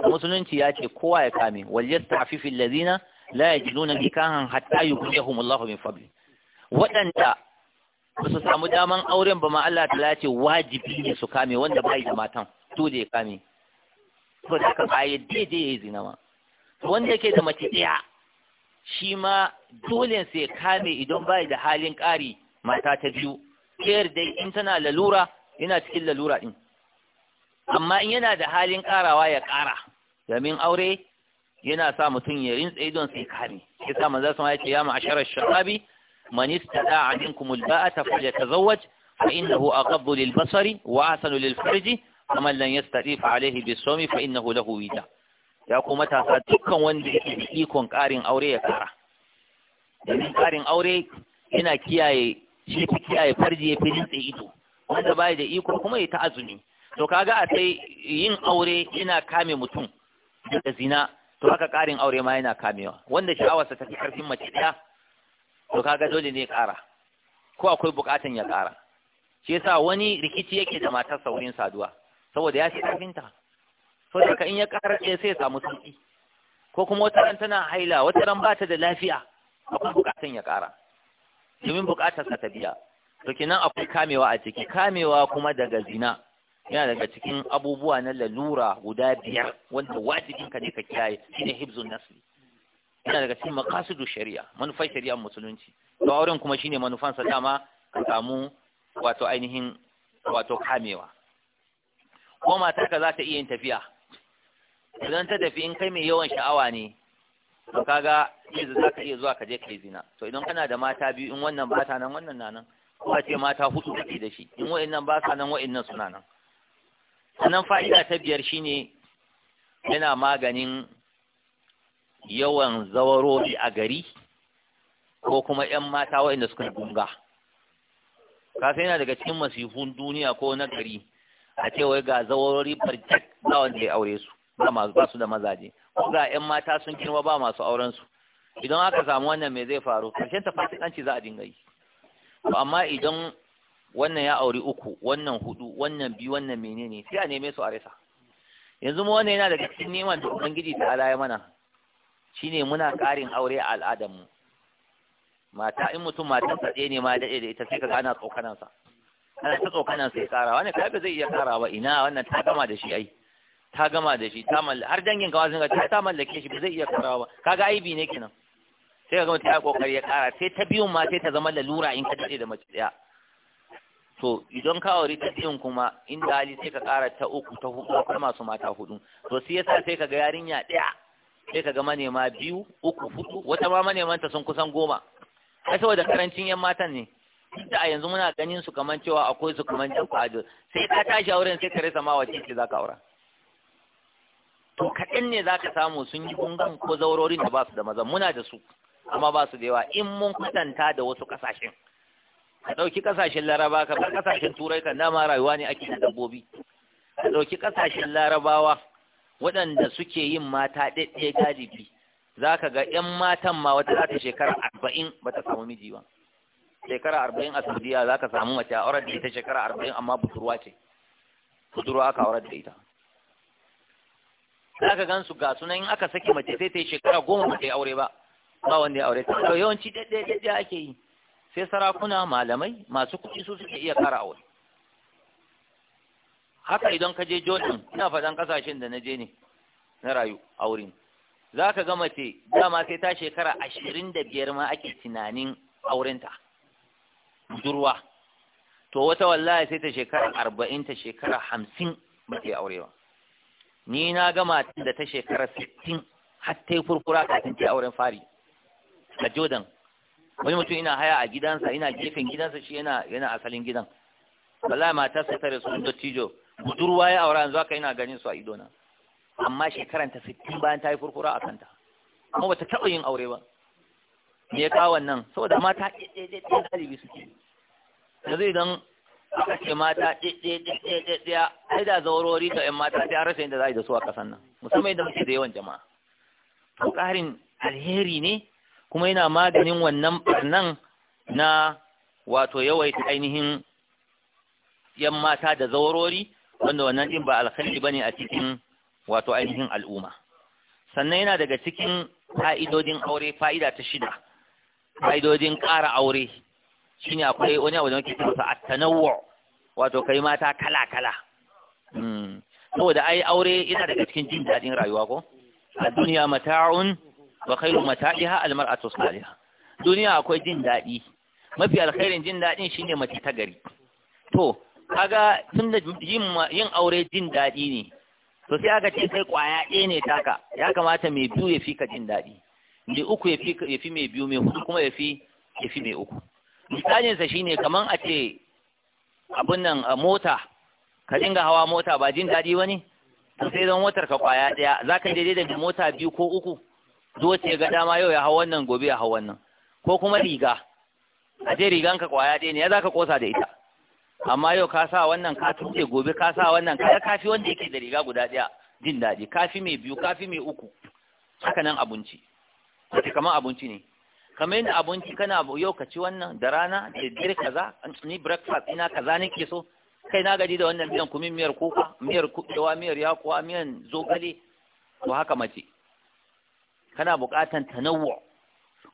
musulunci ya ce kowa ya kame ta afifin lazina la yajiduna nikahan hatta yughnihum mullahu min fabi waɗanda ba su samu daman auren ba ma Allah ta ce wajibi ne su kame wanda ba yi da matan to da ya kame ko da ka ba yadda ya yi zina ma wanda ke da mace ɗaya shi ma dole sai kame idan bai da halin ƙari mata ta biyu kayar dai in tana lalura yana cikin lalura ɗin amma in yana da halin ƙarawa ya ƙara domin aure yana sa mutum ya rintsa idon sai kame ya sa manzo sama ya ce ya ma'asharar shababi man istada minkum alba'ata falyatazawwaj fa innahu aqabbu lil basari wa ahsanu lil farji faman lam yastati fa alayhi bis fa innahu lahu wida ya kuma matasa dukkan wanda yake da ikon ƙarin aure ya ƙara domin ƙarin aure yana kiyaye shi fi kiyaye farji ya fi rintse ido wanda ba da iko kuma ya ta azumi to kaga a sai yin aure yana kame mutum da zina to haka ƙarin aure ma yana kamewa wanda sha'awarsa ta fi ƙarfin mace ɗaya to kaga dole ne ya ƙara ko akwai buƙatan ya ƙara shi yasa wani rikici yake da matar saurin saduwa saboda ya fi ƙarfinta saboda in ya ƙara ɗaya sai ya samu sauƙi ko kuma wata ran tana haila wata ran ba ta da lafiya akwai buƙatan ya ƙara domin buƙatar sa ta biya to kenan akwai kamewa a ciki kamewa kuma daga zina yana daga cikin abubuwa na lalura guda biyar wanda wajibin ka ne ka kiyaye shine hibzun nasli yana daga cikin maqasidu shari'a manufar shari'ar musulunci to auren kuma shine manufan sa dama ka samu wato ainihin wato kamewa ko mata ka za ta iya yin tafiya idan ta tafi in kai mai yawan sha'awa ne to kaga yanzu za ka iya zuwa ka je kai zina to idan kana da mata biyu in wannan ba ta nan wannan na nan ko a ce mata hudu kake da shi in wa'annan ba sa nan wa'annan suna nan sannan fa'ida ta biyar shine yana maganin yawan zawarori a gari ko kuma 'yan mata wa'inda suka gunga sai yana daga cikin masifun duniya ko na gari a ce ga zawarori barjak za wanda ya aure su ba masu ba su da mazaje ko ga ƴan mata sun girma ba masu auren su idan aka samu wannan me zai faru karshen ta fasikanci za a dinga yi to amma idan wannan ya auri uku wannan hudu wannan biyu wannan menene sai a neme su a rasa yanzu mu wannan yana daga cikin neman da ubangiji ta ala ya mana shine muna ƙarin aure a al'adarmu mata in mutum matan sa ne ma daɗe da ita sai ka gana tsokanansa ana ta tsokanansa ya karawa, wani kai ba zai iya karawa ba ina wannan ta gama da shi ai ta gama da shi ta mallake har dangin ka sun ga ta mallake shi ba zai iya karawa ba kaga aibi ne kenan sai ka gama ta kokari ya kara sai ta biyun ma sai ta zama lalura in ka dade da mace daya to idan ka aure ta biyun kuma in da hali sai ka kara ta uku ta hudu ko masu mata hudu to sai yasa sai ka ga yarinya daya sai ka ga manema biyu uku hudu wata ma maneman ta sun kusan goma ai saboda karancin yan matan ne da a yanzu muna ganin su kaman cewa akwai su kaman jafa kwado sai ka tashi auren sai ka rasa ma wace ce zaka aura to kaɗan ne za ka samu sun yi gungun ko zaurorin da ba su da mazan muna da su amma ba su da yawa in mun kwatanta da wasu ƙasashen ka ɗauki ƙasashen laraba ka bar ƙasashen turai kan dama rayuwa ne ake da dabbobi ka ɗauki ƙasashen larabawa waɗanda suke yin mata ɗaiɗaya galibi za ka ga 'yan matan ma wata za ta shekara arba'in ba ta samu miji ba shekara arba'in a saudiya za ka samu mace a aurar da ita shekara arba'in amma budurwa ce budurwa aka aurar da ita za ka gan su ga sunan in aka sake mace sai ta yi shekara goma ba ta yi aure ba ba wanda ya aure ta to yawanci daidai daidai ake yi sai sarakuna malamai masu kuɗi su suke iya kara aure haka idan ka je Jordan ina faɗan kasashen da na je ne na rayu a wurin za ka ga mace dama sai ta shekara ashirin da biyar ma ake tunanin aurenta budurwa to wata wallahi sai ta shekara arba'in ta shekara hamsin ba ta yi aure ba ni na gama matan da ta shekara sittin har ta yi furfura kafin ta auren fari a jodan wani mutum ina haya a gidansa ina gefen gidansa shi yana asalin gidan wallahi matarsa ta rasu da tijo budurwa ya aura yanzu haka yana ganin su a idona amma shekaran ta sittin bayan ta yi furfura a kanta kuma bata taɓa yin aure ba me ya kawo wannan saboda mata ɗaiɗaiɗaiɗai suke yanzu idan aka ce mata ɗaya ai da zaurori ta 'yan mata ta rasa inda za a yi da su a ƙasan nan musamman yadda muke da yawan jama'a to ƙarin alheri ne kuma yana maganin wannan ɓarnan na wato yawaita ainihin 'yan mata da zaurori wanda wannan ɗin ba alkhairi ba ne a cikin wato ainihin al'umma sannan yana daga cikin fa'idodin aure fa'ida ta shida fa'idodin ƙara aure shine akwai wani abu da muke kira at-tanawwu wato kai mata kala kala mm saboda ai aure yana daga cikin jin dadin rayuwa ko a duniya mata'un wa khairu mata'iha al-mar'atu salihah duniya akwai jin dadi mafi alkhairin jin dadin shine mace ta gari to kaga tunda yin aure jin dadi ne to sai aka ce sai kwaya ɗaya ne taka ya kamata mai biyu ya fi ka jin daɗi mai uku ya fi mai biyu mai hudu kuma ya fi ya fi mai uku misalinsa shine kaman a ce abun nan mota ka dinga hawa mota ba jin daɗi ba ne to sai zan motar ka kwaya ɗaya za ka daidai da mota biyu ko uku zo ce ga dama yau ya hau wannan gobe ya hau wannan ko kuma riga a ce rigan ka kwaya ɗaya ne ya za ka kosa da ita amma yau ka sa wannan ka tuɗe gobe ka sa wannan ka kafi wanda yake da riga guda ɗaya jin daɗi kafi mai biyu kafi mai uku haka nan abinci kamar abinci ne kamar yadda abinci kana yau ka ci wannan da rana da dare kaza ni breakfast ina kaza nake so kai na gaji da wannan miyan kumin miyar kuka miyar kubewa miyar yakuwa miyan zogale to haka mace kana buƙatan tanawwu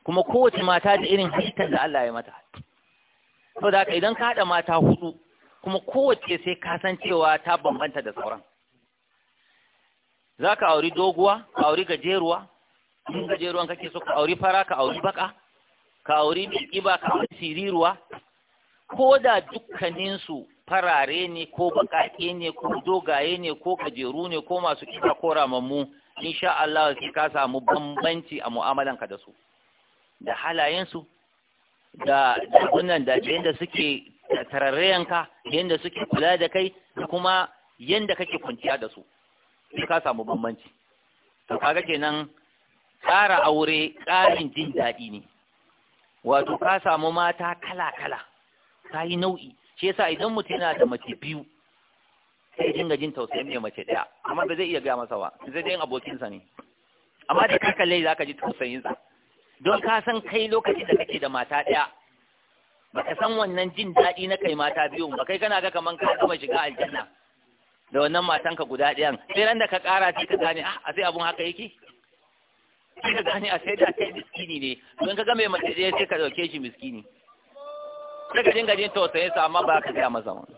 kuma kowace mata da irin halittar da Allah ya mata to da haka idan ka haɗa mata hudu kuma kowace sai ka san cewa ta bambanta da sauran zaka auri doguwa ka auri gajeruwa in gajeruwan kake so ka auri fara ka auri baka ka auri mai ƙiba ka auri siriruwa ko da dukkaninsu farare ne ko baƙaƙe ne ko dogaye ne ko gajeru ne ko masu kika ko ramammu insha Allah sai ka samu bambanci a mu'amalanka da su da halayen su, da wannan da yadda suke ka yadda suke kula da kai da kuma yadda kake kwanciya da su sai ka samu bambanci to kaga kenan ƙara aure ƙarin jin daɗi ne wato ka samu mata kala-kala ta yi nau'i shi yasa idan mutum yana da mace biyu sai dinga jin tausayin mai mace ɗaya amma ba zai iya gaya masa ba zai dai abokinsa ne amma da ka kalle za ka ji tausayinsa don ka san kai lokacin da kake da mata ɗaya baka san wannan jin daɗi na kai mata biyu ba kai kana ga kamar ka gama shiga aljanna da wannan matanka guda ɗayan sai ran da ka ƙara sai ka gane ah, a sai abun haka yake sai ka gane a sai da kai miskini ne don ka ga mai mace ɗaya sai ka ɗauke shi miskini sai ka dinga jin tausayin sa amma ba ka gaya masa wani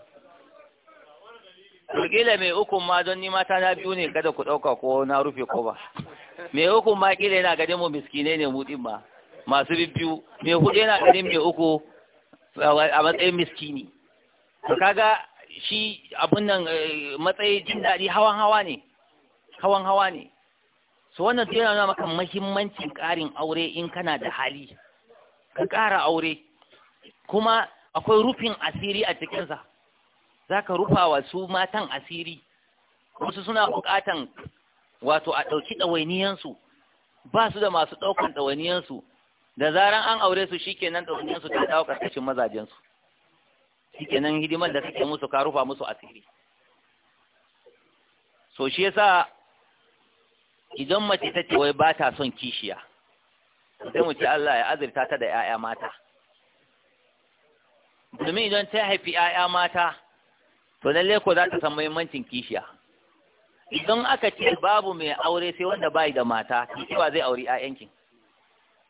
Turkila mai uku ma don ni mata na biyu ne kada ku ɗauka ko na rufe ko ba. Mai uku ma kila yana ganin mu miskinai ne muɗin ba masu bibbiyu. Mai huɗu yana ganin mai uku a matsayin miskini. To kaga shi abun nan eh, matsayi jin daɗi hawan hawa ne. Hawan hawa ne. so wannan yana nuna maka mahimmancin ƙarin aure in kana da hali ka ƙara aure kuma akwai rufin asiri a cikinsa za ka rufa wa su matan asiri wasu suna buƙatan wato a ɗauki ɗawainiyansu ba su da masu ɗaukan ɗawainiyansu da zaran an aure su shikenan ɗawainiyansu ta dawo ƙarƙashin mazajensu shikenan hidimar da suke musu ka rufa musu asiri so shi yasa idan mace ta ce wai ba ta son kishiya sai mu Allah ya azurta ta da 'ya'ya mata domin idan ta haifi 'ya'ya mata to lalle ko za ta san muhimmancin kishiya idan aka ce babu mai aure sai wanda bai da mata ba zai auri ‘ya’yankin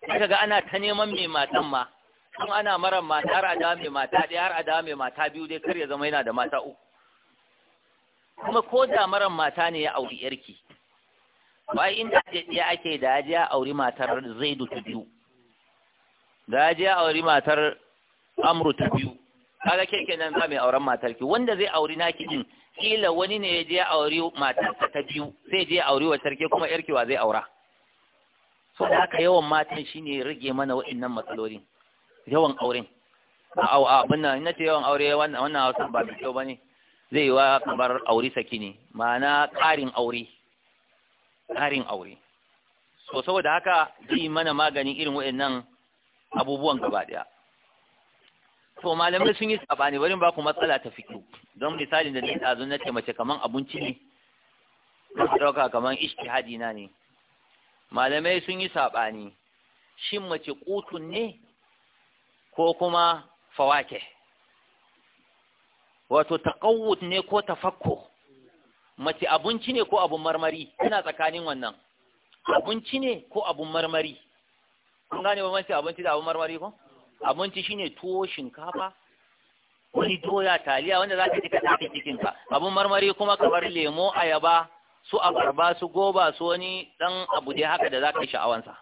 sai ga ana ta neman mai matan ma kuma ana mara mata har adawa mai mata ɗaya har adawa mai mata biyu dai kar ya zama yana da mata uku kuma ko da maran mata ne ya auri yarki bai inda ya ake da ya auri matar zaidu ta biyu da ya auri matar amru ta biyu kaga keke nan za mai auren matar ki. wanda zai auri naki din kila wani ne ya je auri matar ta biyu sai je auri wa sarki kuma yarki wa zai aura so da haka yawan matan shine rage mana wa'annan matsalolin yawan auren au abin nan ce yawan aure wannan wannan hausa ba mai kyau bane zai yi wa kamar aure saki ne ma'ana ƙarin aure tsarin aure so saboda haka yi mana magani irin waɗannan abubuwan gaba ɗaya to malamai sun yi sabani barin ba ku matsala ta fito don misalin da ni ɗazu na mace kaman abinci ne ka ɗauka kaman iski hadina ne malamai sun yi saɓani shin mace ƙutun ne ko kuma fawake wato taqawut ne ko tafakko mace abinci ne ko abun marmari ina tsakanin wannan abinci ne ko abun marmari kun gane mace abinci da abun marmari ko abinci shine tuwo shinkafa wani doya taliya wanda za ka ci ka tafi ka. abun marmari kuma kamar lemo ayaba su abarba su goba su wani dan abu dai haka da za ka yi sha'awansa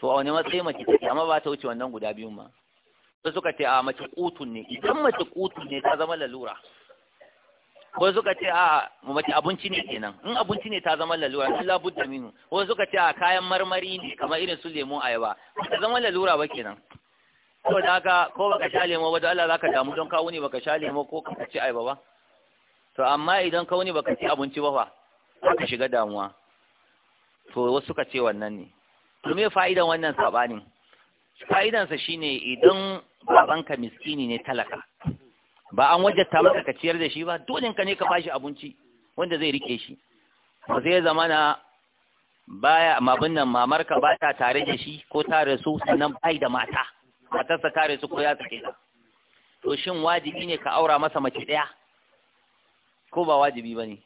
to a wani matsayi mace take amma ba ta wuce wannan guda biyun ma sai suka ce a mace kutun ne idan mace kutun ne ta zama lalura ko suka ce a mace abinci ne kenan in abinci ne ta zama lalura in labudda minu ko suka ce a kayan marmari ne kamar irin su lemo ayaba ta zama lalura ba kenan to da ka ko baka sha lemo ba don Allah zaka damu don kawo ne baka sha lemo ko ka ci ayaba ba to amma idan kawo ne baka ci abinci ba fa ka shiga damuwa to wasu suka ce wannan ne to me fa'idan wannan sabanin fa'idansa shine idan babanka miskini ne talaka ba an wajatta maka ka ciyar da shi ba dole ka ne ka bashi abinci wanda zai rike shi ba zai zama na baya mabin nan mamarka ba ta tare da shi ko ta rasu sannan bai da mata matarsa tare su ko ya sake ta to shin wajibi ne ka aura masa mace ɗaya ko ba wajibi ba ne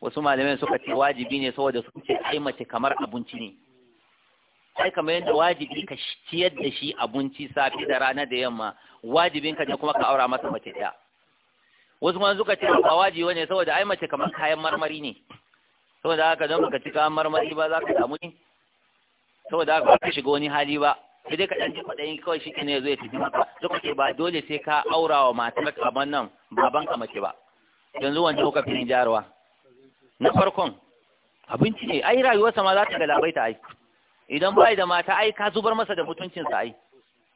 wasu malamai suka ce wajibi ne saboda su ce ai mace kamar abinci ne sai kamar yadda wajibi ka ciyar da shi abinci safi da rana da yamma wajibin ka ne kuma ka aura masa mace ta wasu kuma suka ce ba wajibi ne saboda ai mace kamar kayan marmari ne saboda haka don baka ci kayan marmari ba za ka damu ne saboda haka ka shiga wani hali ba sai dai ka ɗan ji kwaɗayin kawai shi ne zai tafi maka suka ce ba dole sai ka aura wa matar kamar nan baban ka mace ba yanzu wancan kuka fi jarwa na farkon abinci ne ai rayuwarsa ma za ta galabaita ai idan ba da mata ai ka zubar masa da mutuncinsa ai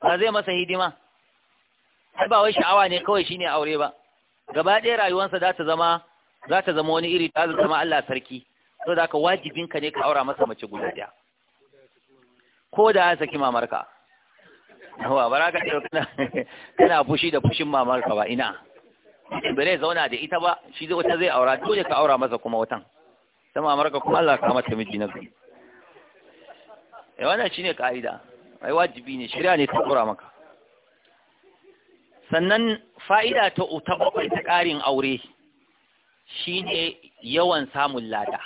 ba zai masa hidima Sai ba wai sha'awa ne kawai shine aure ba gaba ɗaya rayuwarsa za ta zama za ta zama wani iri ta zama Allah sarki to da ka wajibin ka ne ka aura masa mace guda ɗaya ko da ya saki mamarka wa bara ka kana kana fushi da fushin mamarka ba ina bare zauna da ita ba shi zai wata zai aura dole ka aura masa kuma watan Sai mamarka kuma Allah ka mata miji na gari eh wannan shine kaida ai wajibi ne shari'a ne ta kura maka sannan fa'ida ta ta bakwai ta ƙarin aure shine yawan samun lada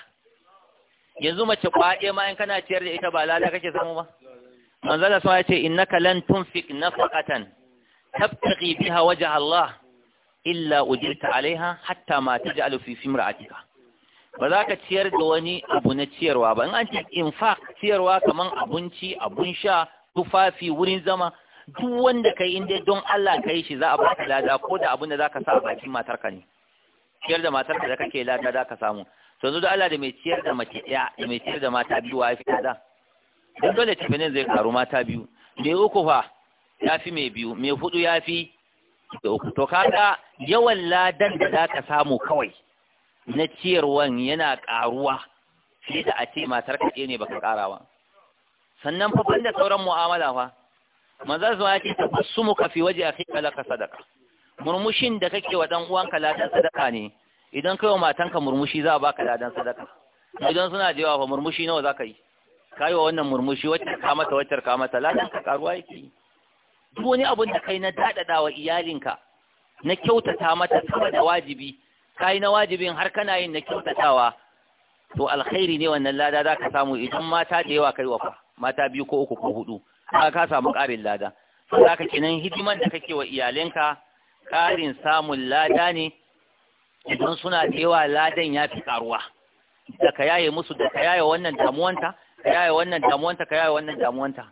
yanzu mace kwaɗe ma in kana ciyar da ita ba lada kake samu ba manzala sama ya yace innaka lan tunfiq nafaqatan tabtaghi biha wajha Allah illa ujirta alaiha hatta ma taj'alu fi simra'atika ba za ka ciyar da wani abu na ciyarwa ba in an ce infaq ciyarwa kaman abinci abun sha tufafi wurin zama duk wanda kai inda don Allah ka yi shi za a baka lada ko da abin da za ka sa a bakin matarka ne ciyar da matarka da kake lada za ka samu yanzu da Allah da mai ciyar da mace ɗaya da mai ciyar da mata biyu wa fi da. don dole tafinin zai karu mata biyu mai uku fa ya fi mai biyu mai hudu ya fi da uku to kaga yawan ladan da za ka samu kawai na ciyarwan yana ƙaruwa shi da a ce matar kaɗe ne baka ƙara ba sannan fa da sauran mu'amala fa manzo zuwa ce mu fi waje a akhika laka sadaka murmushin da kake wa ɗan uwanka ladan sadaka ne idan kai wa matanka murmushi za a baka ladan sadaka idan suna da yawa fa murmushi nawa za ka yi Ka yi wa wannan murmushi wacce ka mata wacce ka mata ladan ka ƙaruwa yake duk wani abun da kai na daɗaɗa wa iyalinka na kyautata mata saboda wajibi ka yi na wajibin har kana yin na kyautatawa to alkhairi ne wannan lada za ka samu idan mata da yawa kai wafa mata biyu ko uku ko hudu ka ka samu ƙarin lada za ka kinan hidiman da kake wa iyalinka ƙarin samun lada ne idan suna da yawa ladan ya fi ƙaruwa da ka yaye musu da ka yaye wannan damuwanta ka yaye wannan damuwanta ka yaye wannan damuwanta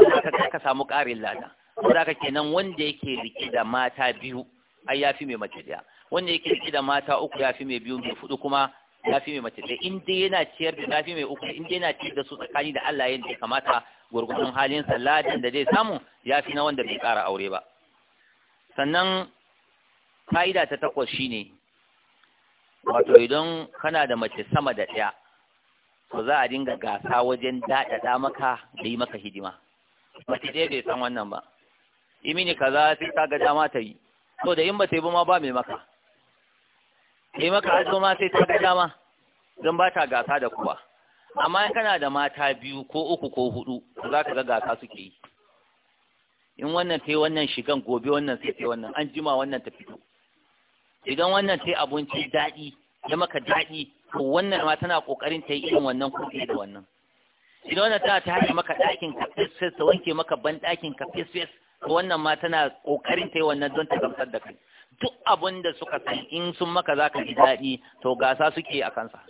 za ka samu ƙarin lada za ka kenan wanda yake rike da mata biyu ai ya fi mai mace daya wanda yake rike da mata uku ya fi mai biyu mai fudu kuma ya fi mai mace ɗaya in dai yana ciyar da ya fi mai uku in dai yana ciyar da su tsakani da Allah yadda ya kamata gurgurun halin salladin da zai samu ya fi na wanda bai ƙara aure ba sannan fa'ida ta takwas shine wato idan kana da mace sama da ɗaya to za a dinga gasa wajen daɗaɗa maka da yi maka hidima mace ɗaya bai san wannan ba imini kaza sai ta ga dama ta yi to da in ba ta yi ba ma ba mai maka sai maka azo ma sai ta ga dama don ba ta gasa da kuwa amma in kana da mata biyu ko uku ko hudu za ka ga gasa suke yi in wannan ta yi wannan shigan gobe wannan sai ta wannan an jima wannan ta fito idan wannan ta yi abinci daɗi ya maka daɗi to wannan ma tana ƙoƙarin ta yi irin wannan kuɗi da wannan idan wannan tana ta haɗa maka ɗakin ka fesfes ta wanke maka ban ɗakin ka fesfes to wannan ma tana ƙoƙarin ta yi wannan don ta gamsar da kai duk abin da suka san in sun maka za ka ji daɗi to gasa suke a kansa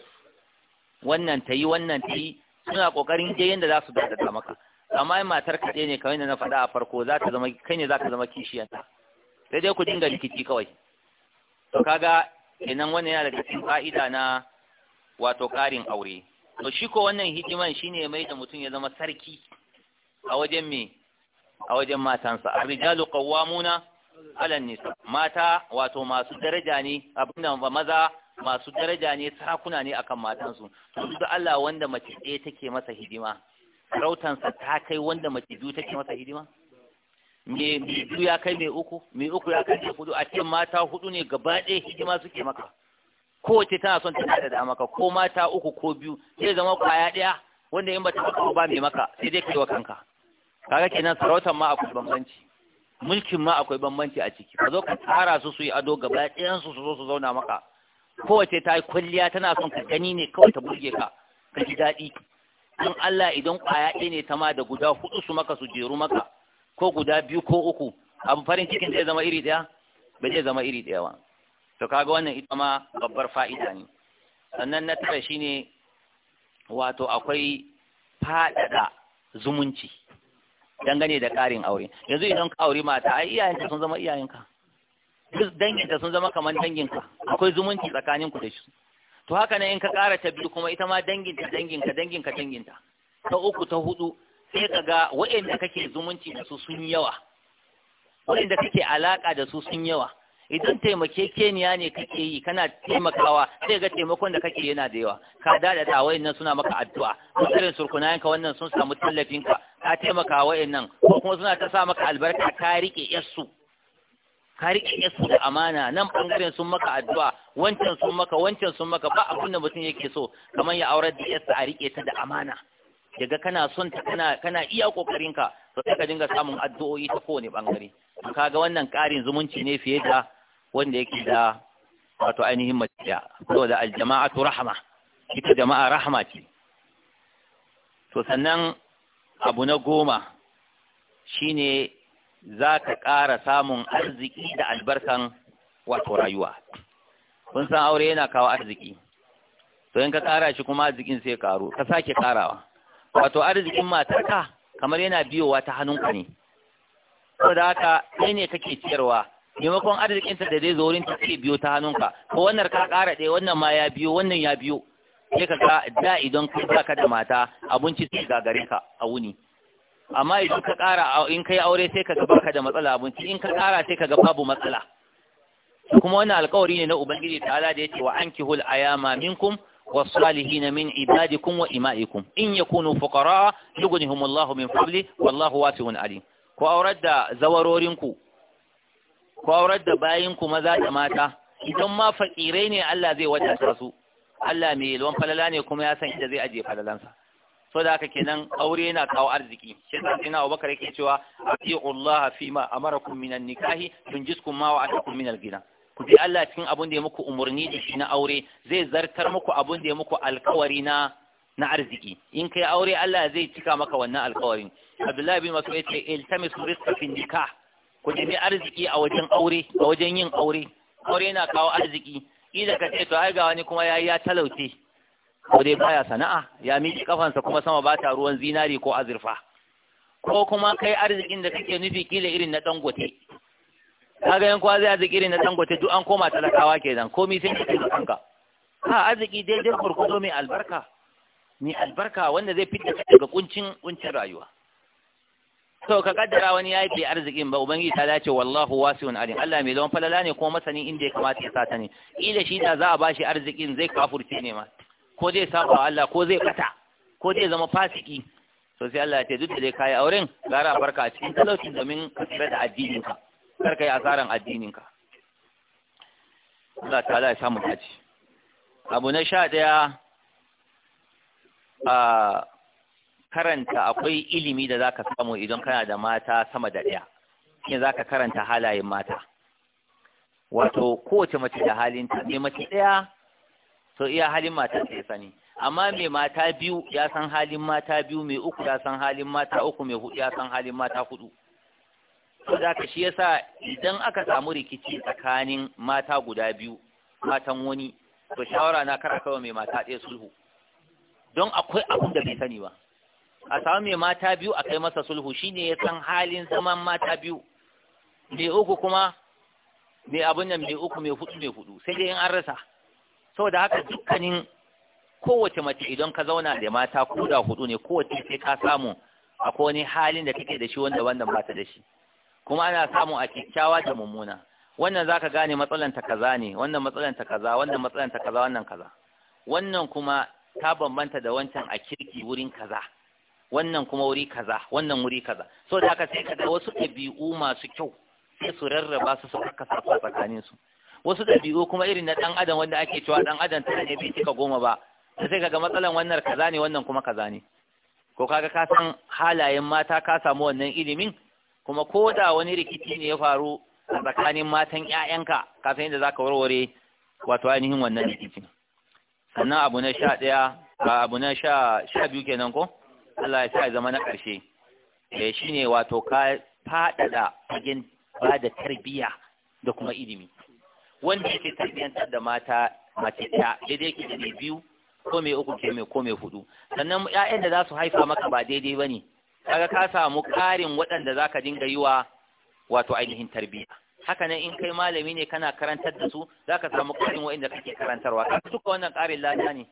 wannan ta yi wannan ta yi suna ƙoƙarin je yadda za su daɗaɗa maka amma in matar ka ne kamar yadda na faɗa a farko za ta zama kai ne za ka zama kishiyanta sai dai ku dinga rikici kawai to kaga kenan wannan yana daga cikin fa'ida na wato ƙarin aure to shi ko wannan hikiman shine mai da mutum ya zama sarki a wajen me a wajen matansa ar-rijalu qawwamuna alan nisa mata wato masu daraja ne abinda ba maza masu daraja ne sakuna ne akan matansu to duk Allah wanda mace ɗaya take masa hidima rautansa ta kai wanda mace biyu take masa hidima me biyu ya kai me uku me uku ya kai me hudu a cikin mata hudu ne gaba ɗaya hidima suke maka wace tana son ta da maka ko mata uku ko biyu zai zama kwaya ɗaya wanda in bata maka ba me maka sai dai kai wa kanka kaga kenan sarautar ma akwai bambanci mulkin ma akwai bambanci a ciki ka zo ka tsara su su yi ado gaba ɗayan su su zo su zauna maka kowace ta yi kwalliya tana son ka gani ne kawai ta burge ka ka ji daɗi In Allah idan ƙwaya ɗaya ne ta ma da guda huɗu su maka su jeru maka ko guda biyu ko uku abu farin cikin zai zama iri ɗaya bai zai zama iri ɗaya ba to kaga wannan ita ma babbar fa'ida ne sannan na tara shine wato akwai faɗaɗa zumunci dangane da ƙarin aure yanzu idan ka aure mata ai iyayenka sun zama iyayenka duk danginta sun zama kamar danginka akwai zumunci tsakaninku da shi to haka ne in ka ƙara ta biyu kuma ita ma danginta danginka danginka danginta ta uku ta hudu sai ka ga waɗanda kake zumunci da su sun yawa waɗanda kake alaƙa da su sun yawa idan taimake keniya ne kake yi kana taimakawa sai ga taimakon da kake yana da yawa ka da ta nan suna maka addu'a mutarin surkunayenka wannan sun samu tallafin ka ka taimaka wayannan ko kuma suna ta sa maka albarka ka rike yassu ka rike yassu da amana nan bangaren sun maka addu'a wancan sun maka wancan sun maka ba abin da mutum yake so kamar ya aurar da yassu a rike ta da amana daga kana son ta kana kana iya kokarin ka to sai ka dinga samun addu'o'i ta kowane bangare kaga wannan karin zumunci ne fiye da wanda yake da wato ainihin maciya saboda aljama'atu rahama, ita jama'a rahama ce to sannan abu na goma shine za ka ƙara samun arziki da albarkan wato rayuwa kun san aure yana kawo arziki to in ka ƙara shi kuma arzikin sai karu. ka sake ƙarawa wato arzikin matarka kamar yana biyowa ta hannunka ne saboda haka kai ne kake ciyarwa maimakon arzikinta da zai zo wurin ta sai biyo ta hannunka ko wannan ka kara ɗaya wannan ma ya biyo wannan ya biyo sai ka ga da idan kai baka da mata abinci sai gagare ka a wuni amma idan ka kara in kai aure sai ka ga baka da matsala abinci in ka kara sai ka ga babu matsala kuma wannan alƙawari ne na ubangiji ta'ala da yace wa ankihul ayama minkum والصالحين من عبادكم وإمائكم إن يكونوا فقراء يغنهم الله من فضله والله واسع عليم ko aurar da zawarorinku ku aurar da bayin ku maza da mata idan ma fakirai ne Allah zai wadata su Allah mai yalwan falala ne kuma ya san inda zai ajiye falalansa so da haka kenan aure yana kawo arziki shi da sai na Abubakar yake cewa atiullaha fima amarakum minan nikahi tunjiskum ma wa'atakum minal gina ku bi Allah cikin abunda da ya muku umurni da shi na aure zai zartar muku abin da ya muku alkawari na na arziki in kai aure Allah zai cika maka wannan alkawarin Abdullahi bin Mas'ud yace iltamis rizqa fi nikah ku nemi arziki a wajen aure a wajen yin aure aure na kawo arziki idan ka ce to ai ga wani kuma yayi ya talauce ko baya sana'a ya miki kafansa kuma sama ba ta ruwan zinari ko azurfa ko kuma kai arzikin da kake nufi kila irin na dangote kaga yan kwa zai arziki irin na dangote duk an koma talakawa kenan komai sai ka tsaya kanka ha arziki daidai gurgudo mai albarka mai albarka wanda zai fitta daga kuncin kuncin rayuwa to ka kaddara wani yayi bai arzikin ba ubangiji ta dace wallahu wasi'un alim Allah mai lawan falala ne kuma masani inda ya kamata ya sata ne ila shi da za a bashi arzikin zai kafurci ne ma ko zai saba Allah ko zai kata ko zai zama fasiki to sai Allah ya ce duk da dai kai auren gara barka a cikin talauci domin ka tsira da addinin ka kar kai asaran addinin ka Allah ta'ala ya samu dace abu na sha daya a karanta akwai ilimi da zaka samu idan kana da mata sama da ɗaya za zaka karanta halayen mata wato kowace mace da halinta mai mace ɗaya to iya halin mata ta ya sani amma mai mata biyu ya san halin mata biyu mai uku ya san halin mata uku mai hudu ya san halin mata hudu to da ka shi yasa idan aka samu rikici tsakanin mata guda biyu matan wani to shawara na kara kawai mai mata ɗaya sulhu don akwai abin da bai sani ba a samu mai mata biyu a kai masa sulhu shine ya san halin zaman mata biyu mai uku kuma mai abin nan mai uku mai hudu mai hudu sai dai in an rasa saboda haka dukkanin kowace mace idan ka zauna da mata ko da hudu ne kowace sai ka samu akwai wani halin da kake da shi wanda wannan ba ta da shi kuma ana samu a kyakkyawa da mummuna wannan zaka gane matsalan ta kaza ne wannan matsalan ta kaza wannan matsalan ta kaza wannan kaza wannan kuma ta bambanta da wancan a kirki wurin kaza wannan kuma wuri kaza wannan wuri kaza so da haka sai kaga wasu ɗabi'u masu kyau sai su rarraba su su karkasa tsakanin su wasu ɗabi'u kuma irin na ɗan adam wanda ake cewa ɗan adam tana ne bai cika goma ba sai kaga matsalan wannan kaza ne wannan kuma kaza ne ko kaga ka san halayen mata ka samu wannan ilimin kuma ko da wani rikici ne ya faru a tsakanin matan ƴaƴanka ka san yadda zaka warware wato ainihin wannan rikicin sannan abu na sha ɗaya abu na sha biyu kenan ko Allah ya sa zama na ƙarshe eh ne wato ka faɗaɗa fagen ba da tarbiyya da kuma ilimi wanda yake tarbiyyantar da mata mace ta daidai ke da biyu ko mai uku ke mai ko mai hudu sannan ƴaƴan da za su haifa maka ba daidai ba ne. kaga ka samu ƙarin waɗanda za ka dinga yi wa wato ainihin tarbiyya haka nan in kai malami ne kana karantar da su za ka samu ƙarin waɗanda kake karantarwa Ka suka wannan ƙarin lada ne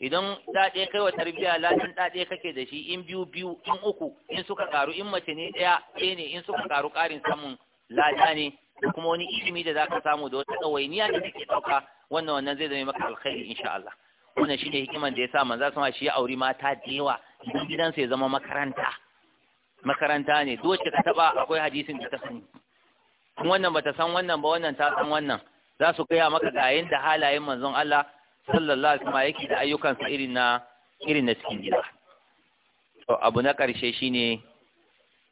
idan daɗe ɗaya kai wa tarbiyya ladan daɗe ɗaya kake da shi in biyu biyu in uku in suka karu in mace ne ɗaya ɗaya ne in suka karu ƙarin samun lada ne da kuma wani ilimi da zaka samu da wata ɗawainiya da ke ɗauka wannan wannan zai zama maka alkhairi insha Allah wannan shine hikiman da ya sa manzo sama shi ya auri mata da yawa idan gidansa ya zama makaranta makaranta ne duk wacce ka taba akwai hadisin da ta sani wannan bata san wannan ba wannan ta san wannan za su gaya maka ga da halayen manzon Allah sallallahu alaihi wasallam yake da ayyukansa irin na irin na cikin gida to abu na karshe shine